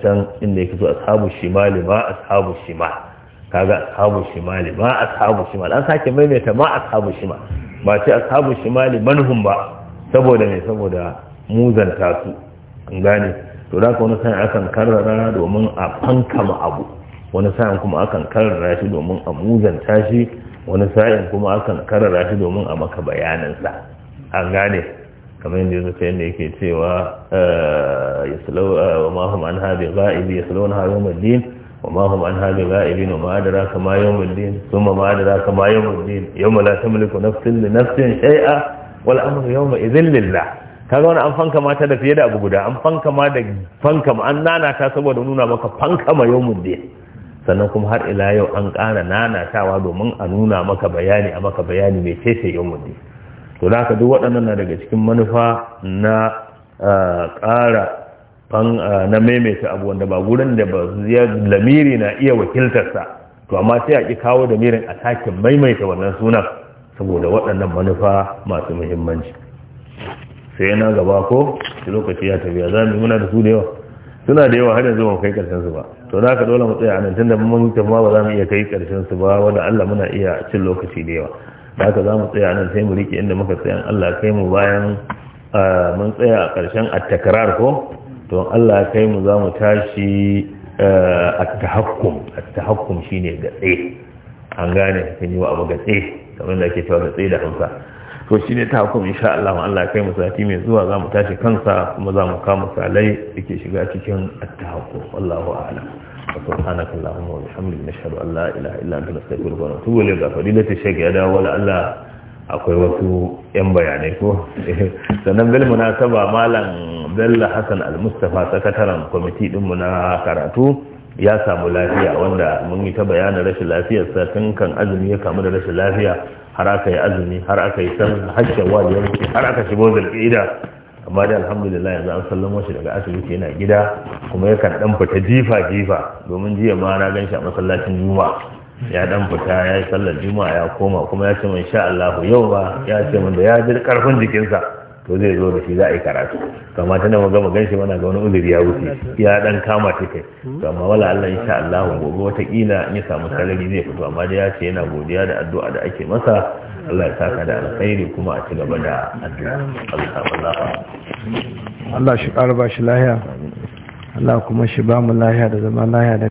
can inda yake so ashabul shimali ma ashabul shimal kaga ashabul shimali ma ashabul shimal an sake ta ma ashabul shimal ba ce ashabul shimali manhum ba saboda ne saboda muzanta su an gane to da ka wani sai akan karrara domin a fankama abu wani sa'in kuma akan karara shi domin a muzanta shi wani sa'in kuma akan karara shi domin a maka bayanansa. an gane kamar yadda yanzu ta yadda yake cewa eh, ya salau eh, wa mahum an habi ga'ibi ya salau na harin din wa mahum an habi ga'ibi na ma'adara kama yau muddin sun ma ma'adara kama yau muddin yau mala ta mulku nafsin da nafsin shai'a wal amru yau ma izin lillah kaga wani an fanka mata da fiye da abu guda an fanka ma da fanka ma an nana ta saboda nuna maka fanka ma yau muddin sannan kuma har ila yau an ƙara nanatawa domin a nuna maka bayani a maka bayani mai cece yawmuddin to da ka duk waɗannan na daga cikin manufa na uh, ƙara uh, na maimaita abu wanda ba gurin da ba lamiri na iya wakiltarsa to amma sai a ƙi kawo da mirin a takin maimaita wannan sunan saboda waɗannan manufa masu muhimmanci sai na gaba ko lokaci ya tafiya za mu muna da su da yawa suna da yawa har yanzu ba kai karshen su ba to da ka dole mu tsaya anan tunda mun ta ma ba za mu iya kai karshen su ba wanda Allah muna iya cin lokaci da yawa da ka za mu tsaya anan sai mu rike inda muka tsaya Allah kai mu bayan mun tsaya a karshen at-takrar ko to Allah kai mu za mu tashi at-tahakkum at-tahakkum shine gatse an gane kan yi wa abu gatse kamar da ake cewa gatse da hamsa. to shi ne ta hukum insha Allah ma Allah kai mu sati mai zuwa za mu tashi kansa kuma za mu kama salai da ke shiga cikin attahakku wallahu a'lam سبحانك اللهم an نشهد ان لا اله الا انت نستغفرك ونتوب اليك ta الشيخ يا wala Allah akwai wasu yan bayanai ko sannan bil munasaba malam Bello Hassan Al-Mustafa sakataren kwamiti din mu na karatu ya samu lafiya wanda mun yi ta bayanin rashin lafiyarsa tun kan azumi ya kamu da rashin lafiya har aka yi azumi har aka yi san har shawwal ya wuce har aka shigo zulqa'ida amma da alhamdulillah yanzu an sallamo shi daga asibiti yana gida kuma yakan dan fita jifa jifa domin jiya ma na gan shi a masallacin juma'a ya dan fita ya yi sallar juma'a ya koma kuma ya ce mai sha Allah yau ba ya ce min da ya ji karfin jikinsa to zai zo da shi za a yi karatu to amma tana maga magan shi mana ga wani uzuri ya wuce ya dan kama ta kai to amma wala Allah insha Allah gobe wata kila in ya samu sarari zai fito amma dai ya ce yana godiya da addu'a da ake masa Allah ya saka da alkhairi kuma a ci gaba da addu'a Allah Allah shi karba shi lahiya Allah kuma shi ba mu lahiya da zaman lahiya da